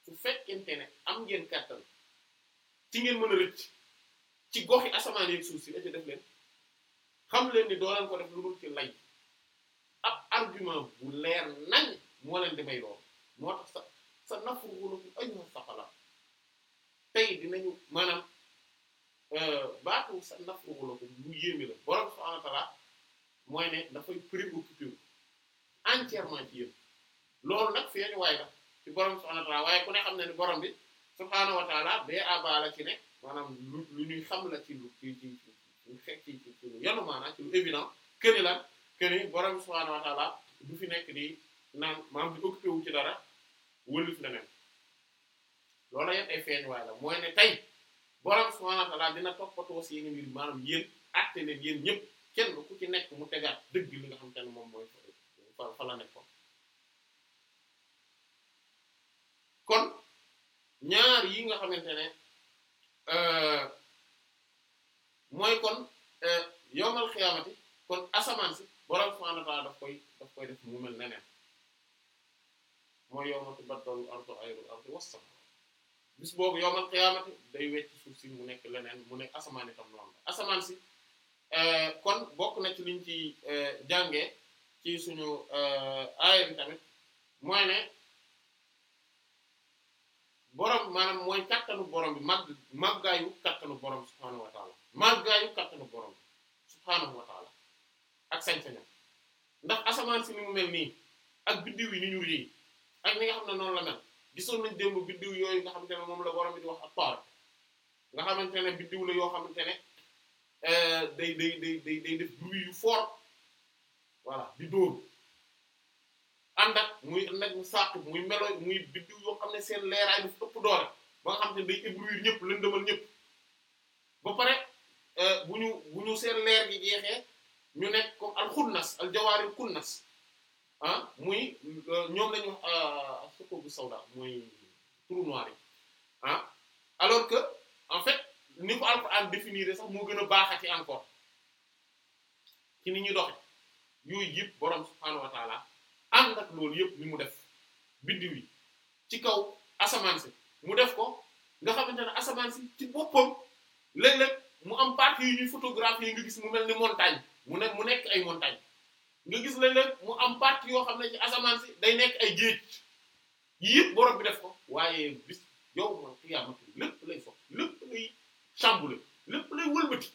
su fekkente ne am ngeen kàttan ci ngeen mën a rëcc ci goxi asamaan yeeg suuf si la ca def leen xam leen ni doo ko def lu dul ci lay ab argument bu leer nañ moo leen di may lool moo tax sa sa nafu wala aywa dinañu maanaam euh, baatu sa nafu wala la borom subhanahu wa ta'ala mooy ne ci yéen. loolu nag feeñ waay la ci borom bi subhanahu wa waaye ku ne xam ne ni borom bi subhanahu wa bee abaa la ci ne maanaam lu lu ñuy xam la ci lu ci ci ci fekk ci ci lu maanaam lu évident këni fi nekk di naan maanaam ci dara wëlif leneen loolu yëpp ay feeñ waay la mooy ne tey borom subhanahu wa dina toppatoo seen mbir maanaam yéen acte leen yéen ñëpp kenn ku ci nekk mu tegaat dëgg li nga xam te ne moom mooy fa fa la nekkoon ñaar yi nga xamante ne euh, mooy kon euh, yowmal xiyaamati kon asamaan si borom subhaanahu daf koy daf koy def mu mel neneen mooy yowma tubaddalu ardu ghayrul ardi was-samaa bis boobu yowmal xiyaamati day wecc suuf si mu nekk leneen mu nekk asamaan itam noonu la asamaan si euh, kon bokk na ci liñ ci jàngee ci suñu aaya tamit mooy ne borom maanaam mooy kattanu borom bi màgg màggaayu kattanu borom subhaanahu wa taala màggaayu kattanu borom bi subhaanahu wa taala ak sañ-sañam ndax asamaan si ni mu mel nii ak biddiw yi ni ñu rëy ak ni nga xam ne noonu la mel gisoon nañ démb biddiw yooyu nga xamante ne moom la borom bi di wax ak tool nga xamante ne biddiw la yoo xamante ne eh, day day day day day def bruit yu fort voilà di ànd ak muy nag mu sàq muy melo muy biddiw yoo xam ne seen leeraay dafa ëpp doole ba nga xam te ne day éblouir ñëpp lëndëmal ñëpp ba pare euh, bu ñu bu ñu seen leer gi jeexee ñu nekk comme al xunnas al muy euh, ñoom la ñu wax euh, sukko ah. alors que en fait ni ko Alxuraan définir sax moo gën a baaxati encore ci ni ñuy doxe yooyu yëpp borom subhaanahu ànd ak loolu yëpp li mu def biddiw yi ci kaw asamaan si mu def ko nga xamante ne asamaan si ci boppam léeg-léeg mu am partie yi ñuy photographie yi nga gis mu mel ni montagne mu ne mu nekk ay montagne nga gis léeg-léeg mu am partie yoo xam ne ci asamaan si day nekk ay géej yii yëpp borom bi def ko waaye bis yow man xiyaamati lépp lay fo lépp lay chamboulé lépp lay wëlbati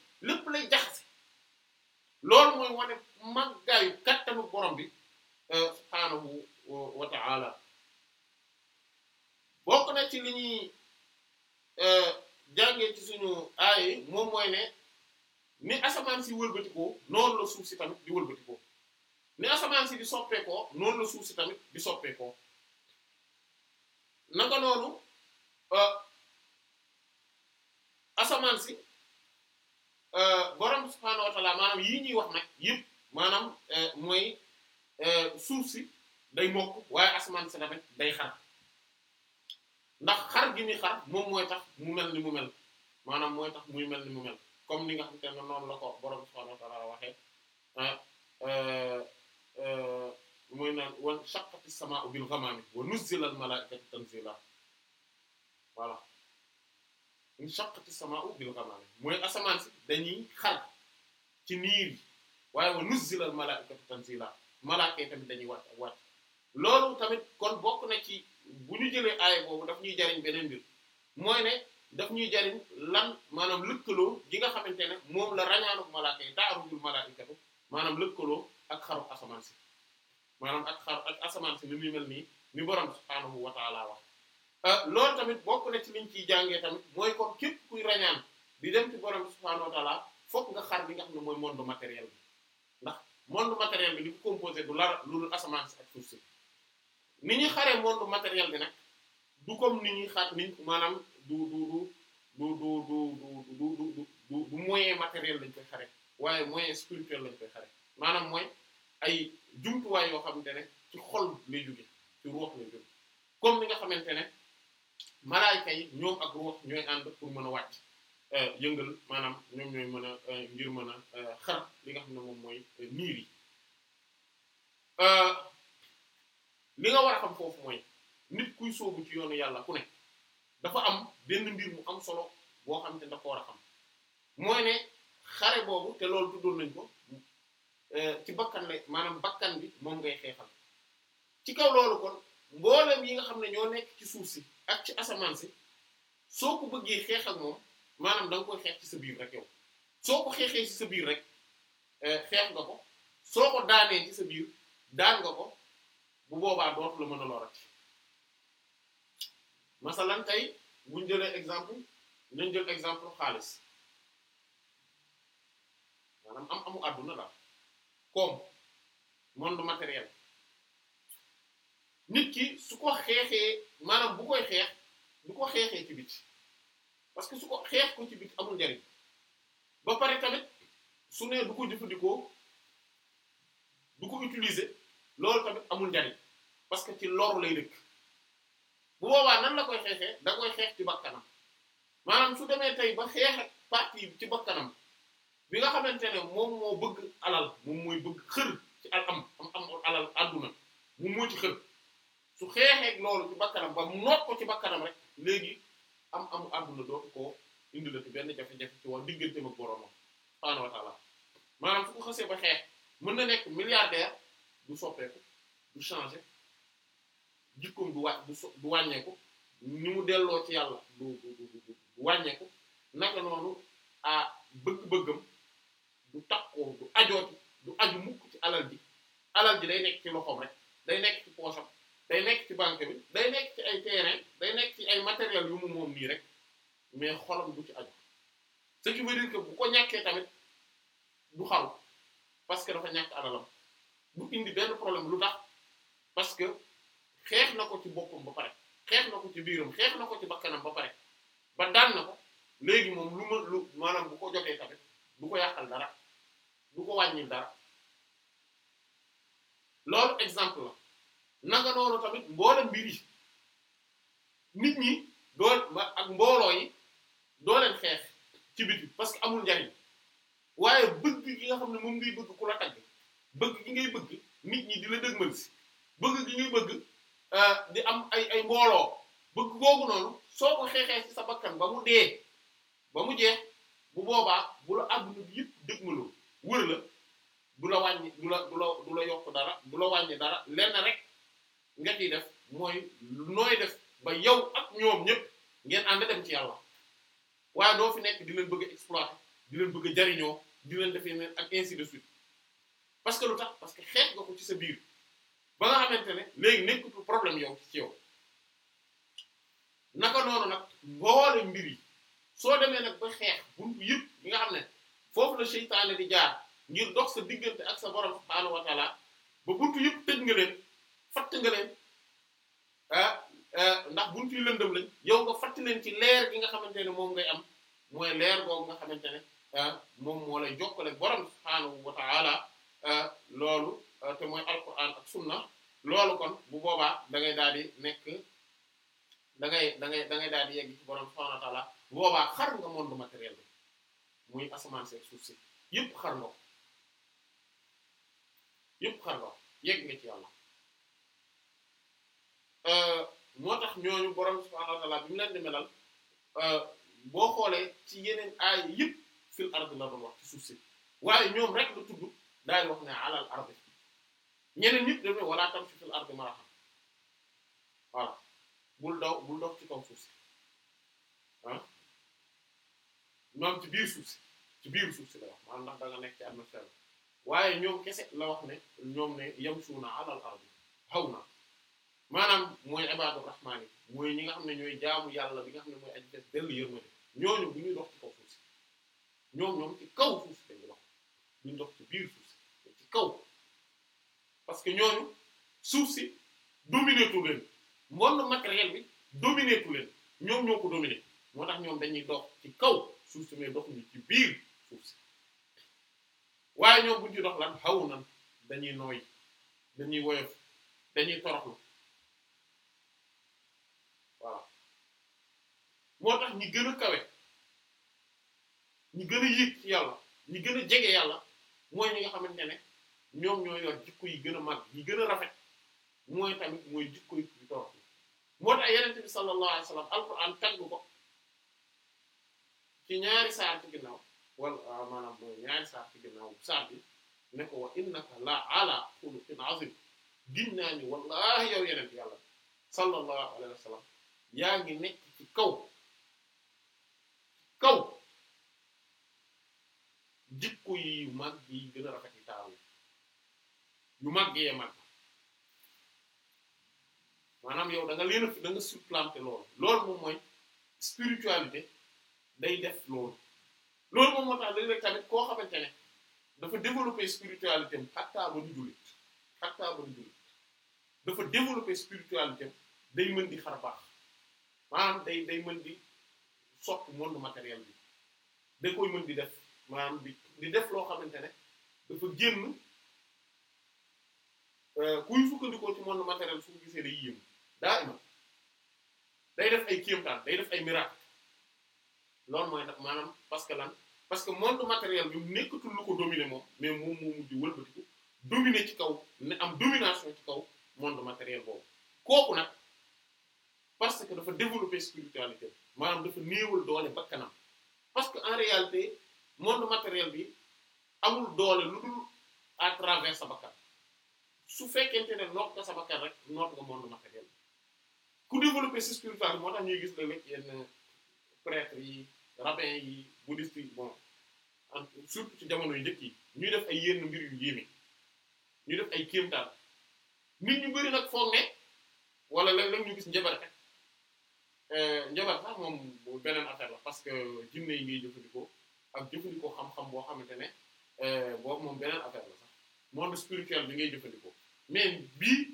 sama'u bil ghamami wa nuzzila al mala'ikatu tanzila voilà inshaqqati sama'u bil ghamami mooy asamaan dañuy xar ci niir yi waaye wa nuzzila al mala'ikatu tanzila tamit dañuy wàcc loolu tamit kon bokk na ci bu ñu jëlee aaya boobu daf ñuy jariñ beneen mbir mooy ne daf ñuy jariñ lan maanaam lëkkaloo gi nga xamante ne moom la rañaanu malaaka yi ta'arujul mala'ikatu maanaam lëkkaloo ak xaru asamaan si maanaam ak xar ak asamaan si ni muy mel nii ni borom subhaanahu wa taala wax loolu tamit bokk na ci liñ ciy jàngee tamit mooy ko képp kuy rañaan di dem ci borom subhaanahu wa taala nga xar bi nga xam ne mooy monde matériel bi ndax monde matériel bi li ko composé du lara lu dul asamaan si ak suuf si ni ñuy xaree monde matériel bi nag du comme ni ñuy xaat niñ maanaam du du du du du du du du du du moyen matériel lañ koy xare waaye moyen spirituel lañ koy maanaam mooy ay jumtuwaay yoo xamante ne ci xol lay jóge ci ruux lay jóge comme ni nga xamante ne malaayka yi ñoom ak ruux ñooy ànd pour mën a wàcc euh, yëngal maanaam ñoom ñooy mën a euh, ngir mën a euh, xar li nga xam ne moom mooy niir yi li nga war a xam foofu mooy nit kuy soobu ci yoonu yàlla ku ne dafa am benn mbir mu am solo boo xam ne da ko war a xam mooy ne xare boobu te loolu tuddoon nañ ko Euh, ci bakkan lay maanaam bakkan bi moom ngay xeexal ci kaw loolu kon mboolem yi nga xam ne ñoo nekk ci suuf si ak ci asamaan si soo ko bëggee xeex ak moom maanaam da nga koy xeex ci sa biir rek soo ko xeexee ci rek euh, xeex nga ko soo ko daanee ci sa biir daan nga ko bu boobaa dootu la mën a lorati masalan tey buñ jëlee exemple nañ jël exemple xaalis maanaam am amu àdduna la koom monde matériel nit ki su ko xeexee maanaam bu koy xeex du ko xeexee ci biti parce que su ko xeex ko ci biti amul njariñ ba pare tamit su ne du ko jëfandikoo du ko utiliser loolu tamit amul njariñ parce que ci loru lay dëkk bu boobaa nan la koy xeexee da xeex ci bakkanam maanaam su demee tey ba xeex ak partie ci bakkanam bi nga xamante ne moom moo bëgg alal moom mooy bëgg xër ci al am am am alal àdduna moom moo ci xër su xeexeeg loolu ci bakkanam ba mu noot ko ci bakkanam rek léegi am amu àdduna dootu benn jafe ci wax diggante ak boroomam maanaam fu ko ba xeex mën na nekk milliardaire du soppeeku du changé jikkoom du wàcc du wàññeeku ni mu delloo ci yàlla du du du wàññeeku naka noonu a ah, bëgg-bëggam du takkoo du ajooti du aju mukk ci alal ji alal ji day nekk ci loxoom rek day nekk ci poosam day nekk ci banque bi day nekk ci ay terrain day nekk ci ay matériel yu mu moom nii rek mais xolam du ci aju ci qui veut bu ko ñàkkee tamit du xaru parce que dafa ñàkk alalam du indi benn problème lu tax parce que xeex na ko ci boppam ba pare xeex na ko ci biiram xeex na ko ci bakkanam ba pare ba daan na ko léegi moom lu ma lu maanaam bu ko jotee tamit du ko yàqal dara du ko wàññil dara loolu exemple la nanga noonu tamit mboolem mbir yi nit ñi dool ak mbooloo yi doo leen xeex ci biti parce que amul njariñ waaye bëgg ki nga xam ne moom ngay bëgg ku la tagg bëgg gi ngay bëgg nit ñi di la dëgmal si bëgg gi ngay bëgg euh, di am ay ay mbooloo bëgg googu noonu soo ko xeexee ci sa bakkan ba mu dee ba mu jeex bu boobaa bu la àdduna bi yëpp dëgmaloo wër la du la wàññi du la du la yokk dara du la wàññi dara lenn rek nga ciy def mooy nooy def ba yow ak ñoom ñëpp ngeen ànd dem ci yàlla waaye doo fi nekk di leen bëgg a exploiter di leen bëgg jariñoo di leen def yeneen ak ainsi de suite parce que lu tax parce que xeet nga ko ci sa biir ba nga xamante ne léegi nekkatul problème yow ci yow naka noonu nag boo boole mbir yi soo demee nag ba xeex buntu yëpp yi nga xam ne. foofu la seytaane di jaar ngir dox sa diggante ak sa borom subhaanahu wa taala ba buntu yëpp tëj nga leen fatt nga leen ah, ah ndax buntu lëndëm lañ yow nga fatt leen ci leer gi nga xamante ne moom ngay am mooy leer googu nga xamante ne ah, moom moo lay jokkale borom subhaanahu wa taala ah, loolu te mooy alquran ak na loolu kon bu boobaa da ngay daal di nekk da ngay da ngay daal di yegg ci borom subhaanahu wa taala bu xar nga monde matériel bi muy asamaan seeg suuf si yëpp xar nga ko yëpp xar nga ko yegg nga ci yàlla euh, moo tax ñooñu borom subhaanahu wa ta'aala bi mu leen di melal euh, boo xoolee ci yeneen aay yëpp fil ard la doon wax ci suuf si waaye ñoom rek la tudd daay wax ne alal ardi ñeneen ñëpp dañu ne wala tam fil ardi marahan voilà bul daw bul dox ci kaw suuf si maanaam ci biir suuf si ci biir suuf si la wax maanaam ndax da nekk ci atmosphère waaye ñoom kese la wax ne ñoom ne yamsuuna alal ardi hawna maanaam mooy ibaadu rahmaan mooy ñi nga xam ne ñooy jaamu yàlla bi nga xam ne mooy aji def dellu yërmande ñooñu bu ñuy dox ci kaw ñoom ñoom ci kaw dox ci biir ci kaw parce que ñooñu suuf si dominé tu leen monde matériel bi dominé tu leen ñoom ñoo ko dominé moo tax ñoom dañuy dox ci kaw. suuf si dox doxuñu ci biir suuf waaye ñoo bu di dox lan xaw nan dañuy nooy dañuy woyof dañuy toroxlu waaw moo tax ñi gën a kawe ñi gën a yëg ci yàlla ñi gën a jege yàlla mooy ñi nga xamante ne ñoom ñooy yor jikko yi gën a mag yi gën a rafet mooy tamit mooy jikko yi toroxlu moo tax yenente bi sallallahu alayhi tagg ko ci ñaari saar ci ginnaaw ah, maanaam mooy ñaari saar ci ginnaaw saar bi ne ko wa innaka la ala azim giñ naa ni wallahi yow yeneen yàlla sallallahu alayhi wa sallam yaa ngi nekk ci kaw kaw jikko yi yu mag yi gën a rafet yi yu mag yee mag maanaam yow danga nga leen a da loolu loolu mooy spiritualité day def loolu loolu moom moo tax léeg-léeg tamit koo xamante ne dafa développer spiritualité am xattaa ba di jullit xattaa ba di jullit dafa développer spiritualité am day mën di xar baax maanaam day day mën di soppi monde matériel bi da koy mën di def maanaam di di def loo xamante ne dafa génn euh, kuy fukkandikoo ci monde matériel fu mu gisee day yéem daa ima day def ay kéemtaan day def ay miracle loolu mooy tax maanaam parce que lan parce que monde matériel bi nekkatul lu ko dominer moom mais moom moo mujj wëlbatiku dominer ci kaw ne am domination ci kaw monde matériel boobu kooku nag parce que dafa développer spiritualité maanaam dafa néewal doole bakkanam parce que en réalité monde matériel bi amul doole lu dul à travers sa bakkan su fekkente ne noot nga sa bakkan rek noot nga monde matériel ku développer sa spiritualité moo tax ñuy gis léeg-léeg yi rabbin yi bouddhiste bon surtout ci jamono yu njëkk ñuy def ay yenn mbir yu yéeme ñuy def ay kéemtaan nit ñu bëri nag foog wala léeg ñu gis njabar ak euh, njabar sax moom beneen affaire la parce que jinne yi jëfandikoo ak jëfandikoo xam-xam boo xamante ne euh, boobu moom beneen affaire la sax monde bi ngay jëfandikoo mais bii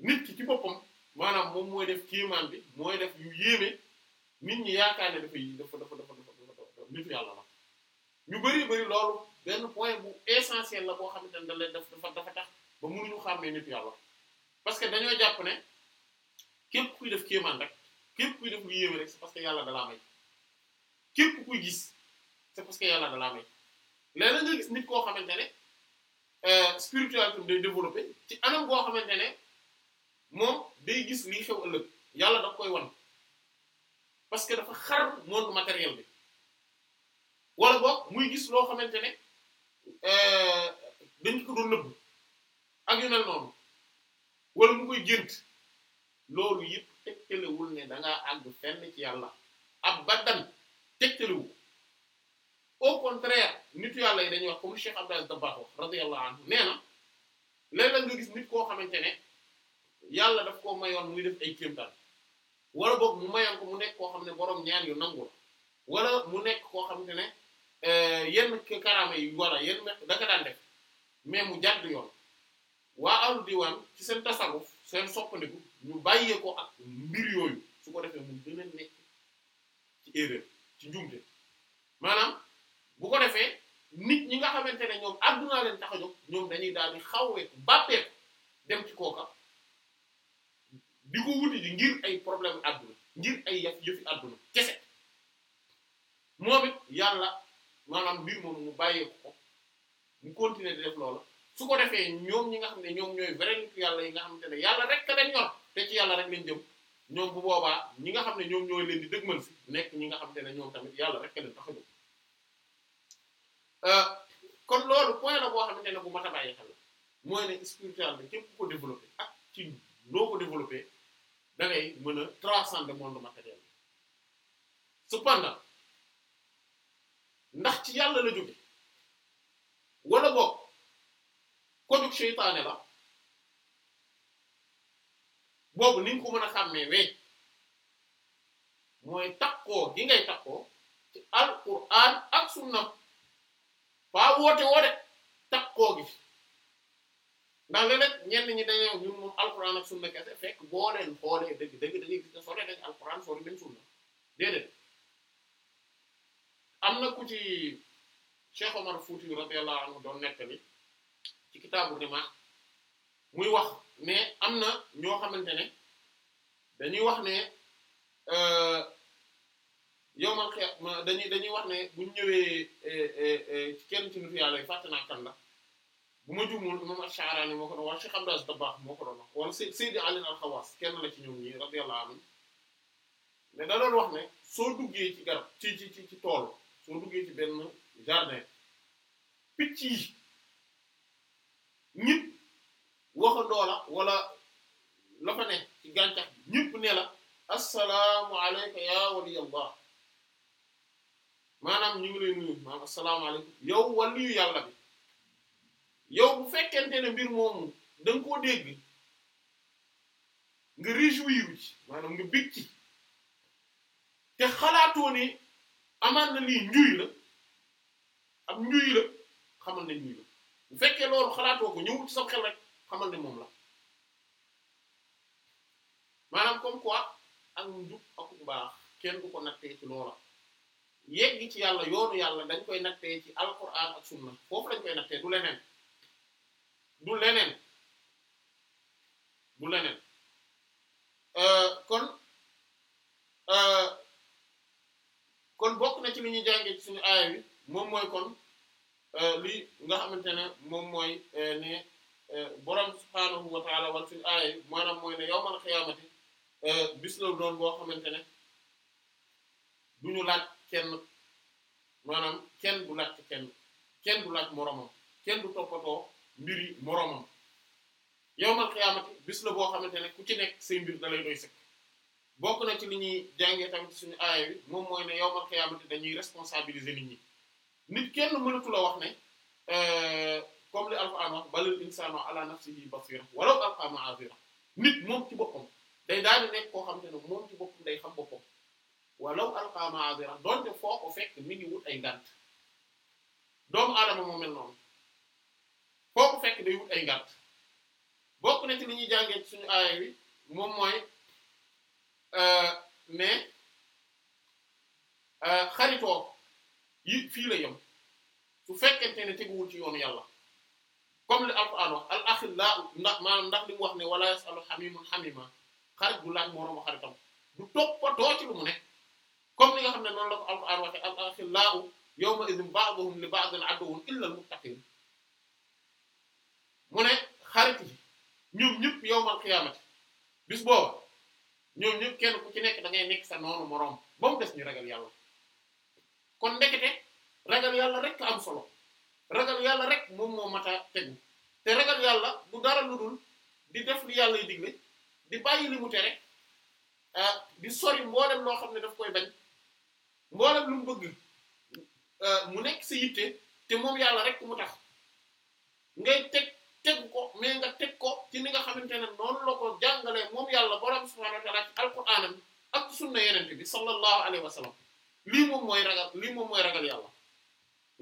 nit ki ci boppam maanaam moom mooy def kéemaan bi mooy def yu yéeme. nit ñi yaakaar ne dafay dafa dafa dafa dafa nitu ñu bari bari loolu benn point bu essentiel la boo xamante ne da leen dafa dafa tax ba mënuñu xàmmee nitu yàlla parce que dañoo jàpp ne képp ku def kéemaan rek képp ku def lu yéeme rek c'est parce que yàlla da may képp kuy gis c'est parce yàlla da may léeg-léeg gis nit koo xamante ne euh, spiritualité day développé ci anam boo xamante ne moom day gis lii xew ëllëg yàlla daf koy wan. parce que dafa xar monde matériel bi wala boog muy gis loo xamante ne euh, dañ ko doon nëbb ak yu mel noonu wala mu koy gént loolu yëpp tegtalewul ne danga ngaa àgg fenn ci yàlla abadan tegtalewu au contraire nitu yàlla yi dañuy wax comme Cheikh Abdel Dabakh radiyallahu anhu nee na léeg nga gis nit koo xamante ne yàlla daf koo mayoon muy def ay kéemtaan wala boog mu mayoon ko mu nekk koo xam ne borom ñaan yu nangu la mu nekk koo xam ne eh, yenn karaama yi wala yenn da ka daan def mais mu jàdd yoon waa alu diwaan ci seen tasawuf seen soppandiku ñu ko ak mbir yooyu su ko defee mu gën a nekk maanaam bu ko defee nit ñi nga xamante na ñoom àdduna leen tax a ñoom dañuy daal di xawwee bàppee dem ci kooka di ko wuti ji ngir ay problème àdduna ngir ay yaf yëfi àdduna kese moom it yàlla maanaam mbir moom mu bàyyi ko mu continuer di def loola su ko defee ñoom ñi nga xam ne ñoom ñooy vrai yàlla yi nga xamante ne yàlla rek ka leen ñor te ci yàlla rek lañ jëm ñoom bu boobaa ñi nga xam ne ñoom ñooy leen di dëgmal si nekk ñi nga xamante ne ñoom tamit yàlla rek ka leen tax a jóg euh, kon loolu point la boo xamante ne bu mat a bàyyi xel la mooy ne spiritualité képp ku ko développé ak ci noo ko développé da ngay mën a transcender monde matériel cependant ndax ci yàlla la jóge wala boog kodug seytaane la boobu ni nga ko mën a xàmmee wee mooy takkoo gi ngay takkoo ci alquran ak sunna ba woote woo de takkoo gi ndax léeg-léeg ñenn ñi dañuy wax ñun moom alquran ak sunna fekk boo leen xoolee dëgg dëgg dañuy gis ne sore dañ alquran sore dañ sunna déedéet am na ku ci Cheikh Omar doon nettali ci kitaabu Rima muy wax ne am na ñoo xamante ne dañuy wax ne euh, yowmal xiyaama dañuy dañuy wax ne buñ ñëwee euh, euh, ci kenn ci nitu yàlla yi fàtte naa kan la bu ma juumul imam Ash'arani moo ko doon wax Cheikh Abdou Dabakh moo ko doon wax wala Seydi Ali kenn la ci ñoom ñi radiyallahu anhu mais da doon wax ne soo duggee ci garab ci ci ci tool soo duggee ci benn jardin picc yi ñëpp waxandoo la wala la ne ci gàncax bi ñëpp ne la assalaamu alayka ya waliyallah maanaam ñu ngi lay nuyu maanaam assalaamu alaykum yow waliyu yàlla bi yow bu fekkente ne mbir moomu da koo dégg nga réjouir ci maanaam nga bég ci te xalaatoo ne amaan na lii njuuy la ab njuy la xamal ne njuy la bu fekkee loolu xalaatoo ko ñëwul ci xel rek xamal ne moom la maanaam comme quoi ak mu njub ak baax kenn du ko nattee ci loola yegg ci yàlla yoonu yàlla dañ koy nattee ci alquran ak sunna foofu lañ koy nattee du leneen du leneen du leneen euh, kon euh, kon bokk na ci lu ñuy jàngee ci suñu aaya moom mooy kon euh, lii nga xamante ne moom mooy ne borom subhaanahu wa taala suñu aaya maanaam mooy ne yawmal xiyaamati bis la doon boo xamante ne du ñu laaj kenn maanaam kenn du laaj kenn kenn du laaj moromam kenn du toppatoo. mbiri moroomam yawmal qiyaamati bis la boo xamante ne ku ci nekk say mbir da lay doy bokk na ci li ñuy jàngee tamit suñu aaya moom mooy ne yawmal qiyaamati dañuy responsabiliser nit ñi nit kenn mënatu wax ne euh, comme li alquran wax balil insaanu ala nafsihi basira walaw alqaa ma'aazira nit moom ci boppam day daal di nekk koo xam ne moom ci boppam day xam boppam walaw alqaa ma'aazira doonte foo ko fekk mi ngi wut ay ngànt doomu aadama moo mel noonu foo ko fekk day wut ay ngànt bokk ne ci li ñuy jàngee ci suñu aaya bi moom mooy euh, ne euh, xaritoo yi fii la yem su fekkente ne teguwul ci yoonu yàlla comme li alquran wax al axillaa ndax maanaam ndax li mu wax ne wala yasalu xamimun xamima xarit bu laaj moroomu xaritam du toppatoo lu mu ne li nga xam ne noonu la ko alquran waxe al axillaa yawma idin ba'duhum li mu ne xarit yi ñoom ñëpp yowmal xiyaamati bis booba kenn ku ci nekk da moroom ba des ñu ragal yàlla kon ndekete ragal yàlla rek am solo ragal yàlla rek moom moo mat a tegu te ragal yàlla bu dara lu dul di def li yàlla digle di bàyyi li mu tere di sori mboolem loo xam ne daf koy bañ mboolem lu mu bëgg mu nekk sa yitte te moom yàlla rek ku mu tax ngay teg teg ko mais nga teg ko ci ni nga xamante ne noonu la ko jàngalee moom yàlla borom subhaanahu wa ta'ala ci alquraanam ak sunna yenente bi sallallahu alayhi wa sallam lii moom mooy ragal lii moom mooy ragal yàlla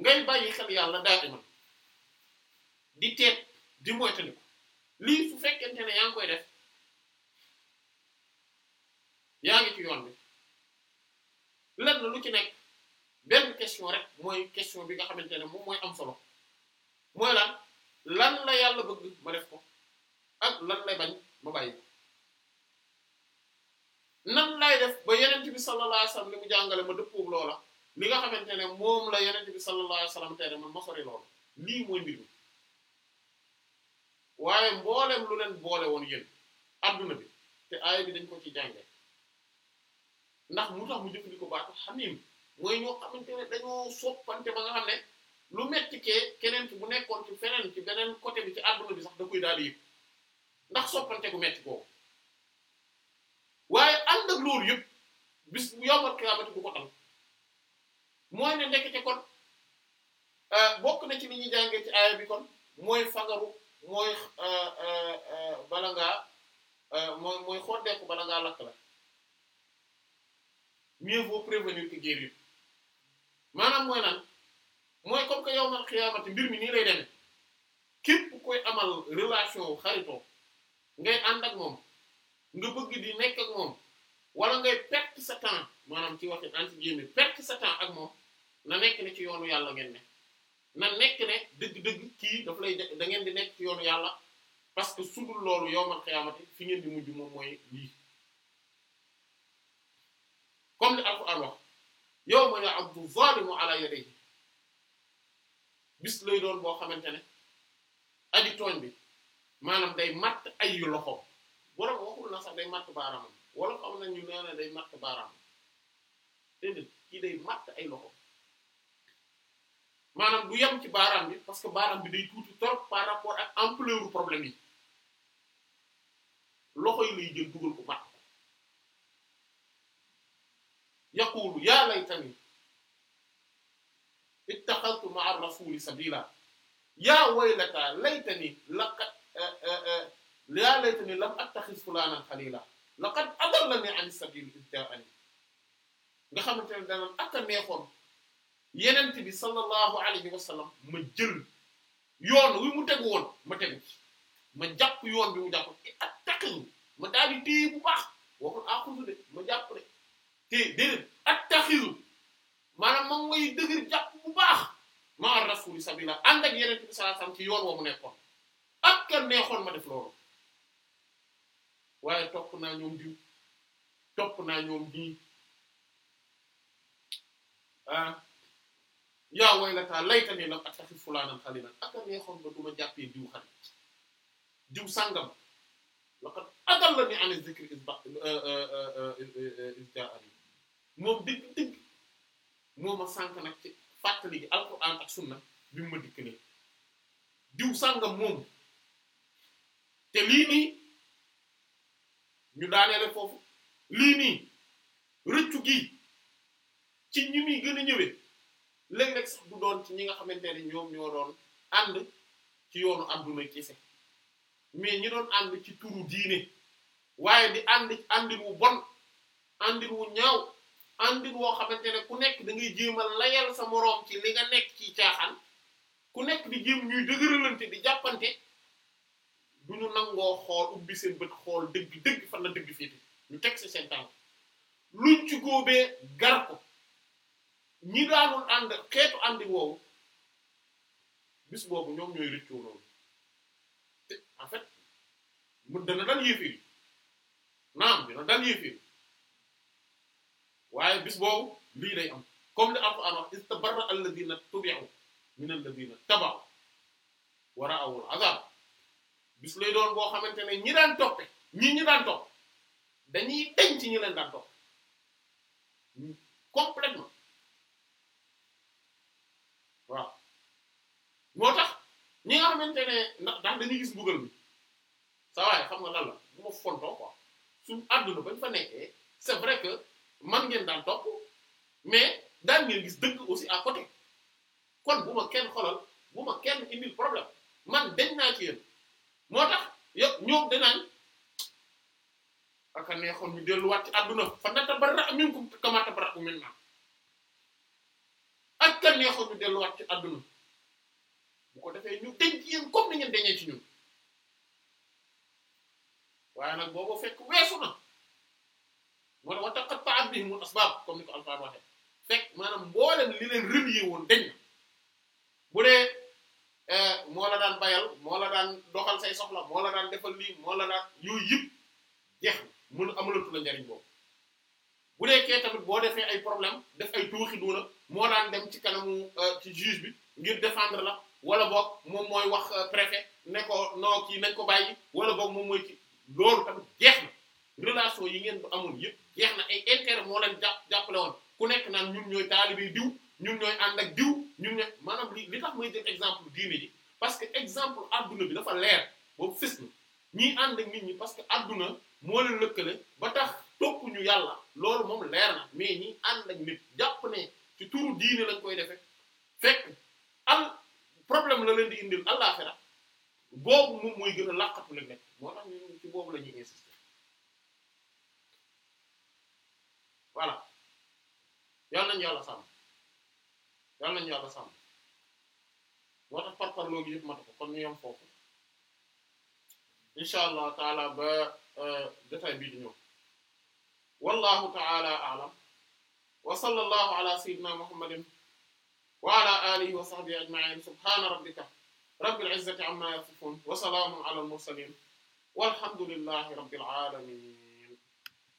ngay bàyyi xel yàlla daal di teet di moytandiku lii fu fekkente ne yaa ngi koy def yaa ngi ci yoon bi lenn lu ci nekk benn question rek mooy question bi nga xamante ne moom mooy am solo mooy lan lan la yàlla bëgg ma def ko ak lan lay bañ ma bàyyi ko nan lay def ba yenent bi sallallahu alayhi li mu jàngale ma dëppoo loola li nga xamante ne moom la yenent bi sallallahu alayhi wasallam tere man ma sori loolu lii mooy mbir waaye mboolem lu leen boole woon yéen adduna bi te aaya bi dañ ko ci jànge ndax mu tax mu jëfandikoo baatu xamim mooy ñoo xamante ne dañoo soppante ba nga xam ne lu metti keneen ki bu nekkoon ci feneen ci beneen côté bi ci àdduna bi sax da koy daal di ndax soppante gu metti kooku waaye ànd ak loolu yëpp bis bu yombal xiyaamati bu ko am mooy ne ndekete kon euh, bokk na ci li ñu jàngee ci aaya bi kon mooy fagaru mooy euh, euh, bala ngaa mooy mooy xoddeeku bala ngaa lakk la mieux vaut prévenir que guérir maanaam mooy naan mooy comme que yawmal xiyaamati mbir mi nii lay demee képp koy amal relation xaritoo ngay ànd ak moom nga bëgg di nekk ak moom wala ngay perte sa temps maanaam ci waxin anti guillemets perte sa temps ak moom na nekk ne ci yoonu yàlla ngeen ne na nekk ne dëgg-dëgg kii daf lay da ngeen di nekk ci yoonu yàlla parce que sudul loolu yawmal xiyaamati fi ngeen di mujj moom mooy lii comme ni Alxuraan wax yawma ya'addu zaalimu ala yadayhi bis lay doon boo xamante ne aji tooñ bi maanaam day matt ay loxo borom waxul na sax day matt baaraamam wala am nañ ñu nee na day matt baaraamam déedéet kii day matt ay loxo maanaam du yam ci baaraam bi parce que baaraam bi day tuuti trop par rapport ak ampleur problème yi loxo yi lay jël dugal ko matt ko yaqulu yaa laytani ittaxaltu ma'a rasuli sabila yaa waylata laytani laqad yaa laytani lam attaxiz fulaanan xalila laqad adallani an sabil iz jaa'ani nga xamante ne danañ ak a neexoon yenent bi sallallahu alayhi wa sallam ma jël yoon wi mu tegu woon ma tegu ci ma jàpp yoon bi mu jàpp ak taxiru ma daal di téye bu baax waxul axusu de ma jàpp de téye déedéet ak taxiru maanaam moom mooy dëgër jàpp bu baax ma rasuli sabila ànd ak yeneen bi sallallahu alayhi wasallam ci yoon woo mu nekkoon ak kan neexoon ma def loolu waaye topp naa ñoom diw topp naa ñoom dii ah yaa waylataa laytanii lam attakhidh fulaanan khaliilan ak kan neexoon ma du jàppee diw xarit diw sàngam laqad adallanii ani dhikri iz eh, eh, eh, jaa'anii moom dëgg dëgg moo ma sànk nag ci fàttali ji alquran ak sunna bi mu ma dikk nii diw sàngam moom te lii nii ñu daaneele foofu lii nii rëccu gii ci ñi muy gën a ñëwee léeg-léeg sax du doon ci ñi nga xamante ne ñoom ñoo doon ànd ci yoonu àdduna kese mais ñi doon ànd ci turu diine waaye di ànd àndin wu bon àndin wu ñaaw àndin woo xamante ne ku nekk da ngay jéem a layal sa moroom ci li nga nekk ci caaxaan ku nekk di jéem ñuy dëgëralante di jàppante du ñu nangoo xool ubbi seen bët xool dëgg dëgg fan la dëgg féete ñu teg ci seen tànk luñ ci góobee gar ñi daanul ànd xeetu àndi woowu bis boobu ñoom ñooy rëccoo loolu te en fait mu dana dal yéeféer yi naam dina dal yéeféer waaye bis boobu lii day am comme li alquran wax istabarra alladina tubi'u min alladina taba'u wa ra'awu al'azab bis lay doon boo xamante ne ñi daan toppe ñi ñi daan topp dañuy teñ ci ñi leen daan topp complètement waaw moo tax ñi nga xamante ne ndax ndax dañuy gis mbugal bi xam nga lan la bu ma fontoo quoi suñ àdduna bañ fa nekkee c'est vrai que man ngeen daan topp mais daan ngeen gis dëgg aussi à côté kon bu ma kenn xolal bu ma kenn indil problème man dañ naa ci yéen moo tax yëpp ñoom danaañ aka neexoon ñu delluwaat ci àdduna fa nata ba ra min ko kamata ba ra min naa ak ka neexoon ñu delluwaat ci àdduna bu ko defee ñu denc ci yéen comme ni ngeen dañee ci ñun waaye nag boobu fekk weesu na moo tax wa taqatta'at bihimul asbaab comme ni ko Alxuraan waxe fekk maanaam mboolem li leen relier woon dañ na bu dee eh, moo la daan bayal moo la daan doxal say soxla moo la daan defal lii moo la daan yooyu yëpp jeex mun amulatu la njariñ boobu bu dee kee tamit boo defee ay problème def ay tuuxi duuna moo daan dem ci kanamu eh, ci juge bi ngir défendre la wala boog moom mooy wax eh, préfet ne no noo kii nañ ko bàyyi wala boog moom mooy ci loolu tamit jeex na relation yi ngeen bu amoon yëpp jeex na ay intérêt moo leen jàpp jàppale woon ku nekk naan ñun ñooy taalibe diw ñun ñooy ànd ak diw ñun ñooy maanaam li li tax may jël exemple diine ji parce que exemple adduna bi dafa leer boobu fis na ñiy ànd ak nit ñi parce que adduna moo leen lëkkale ba tax topp ñu yàlla loolu moom leer na mais ñi ànd ak nit jàpp ne ci turu diine lañ koy defe fekk al problème la leen di indil àllaaxira boobu moom mooy gën a làqatu leen nekk moo tax ñu ci boobu la ñuy insister voilà yal nañu yàlla sàmm yal nañu yàlla sàmm moo tax parparloo gi yëpp mata ko kon ñu yem foofu incha allah taala ba euh, jotaay bii di ñëw wallahu taala a'lam wa sallallahu ala sayyidina muhammadin wa ala alihi wa sahbihi ajma'in subhana rabbika rabbil izzati amma yasifun wa salamun ala al mursalin walhamdulillahi rabbil alamin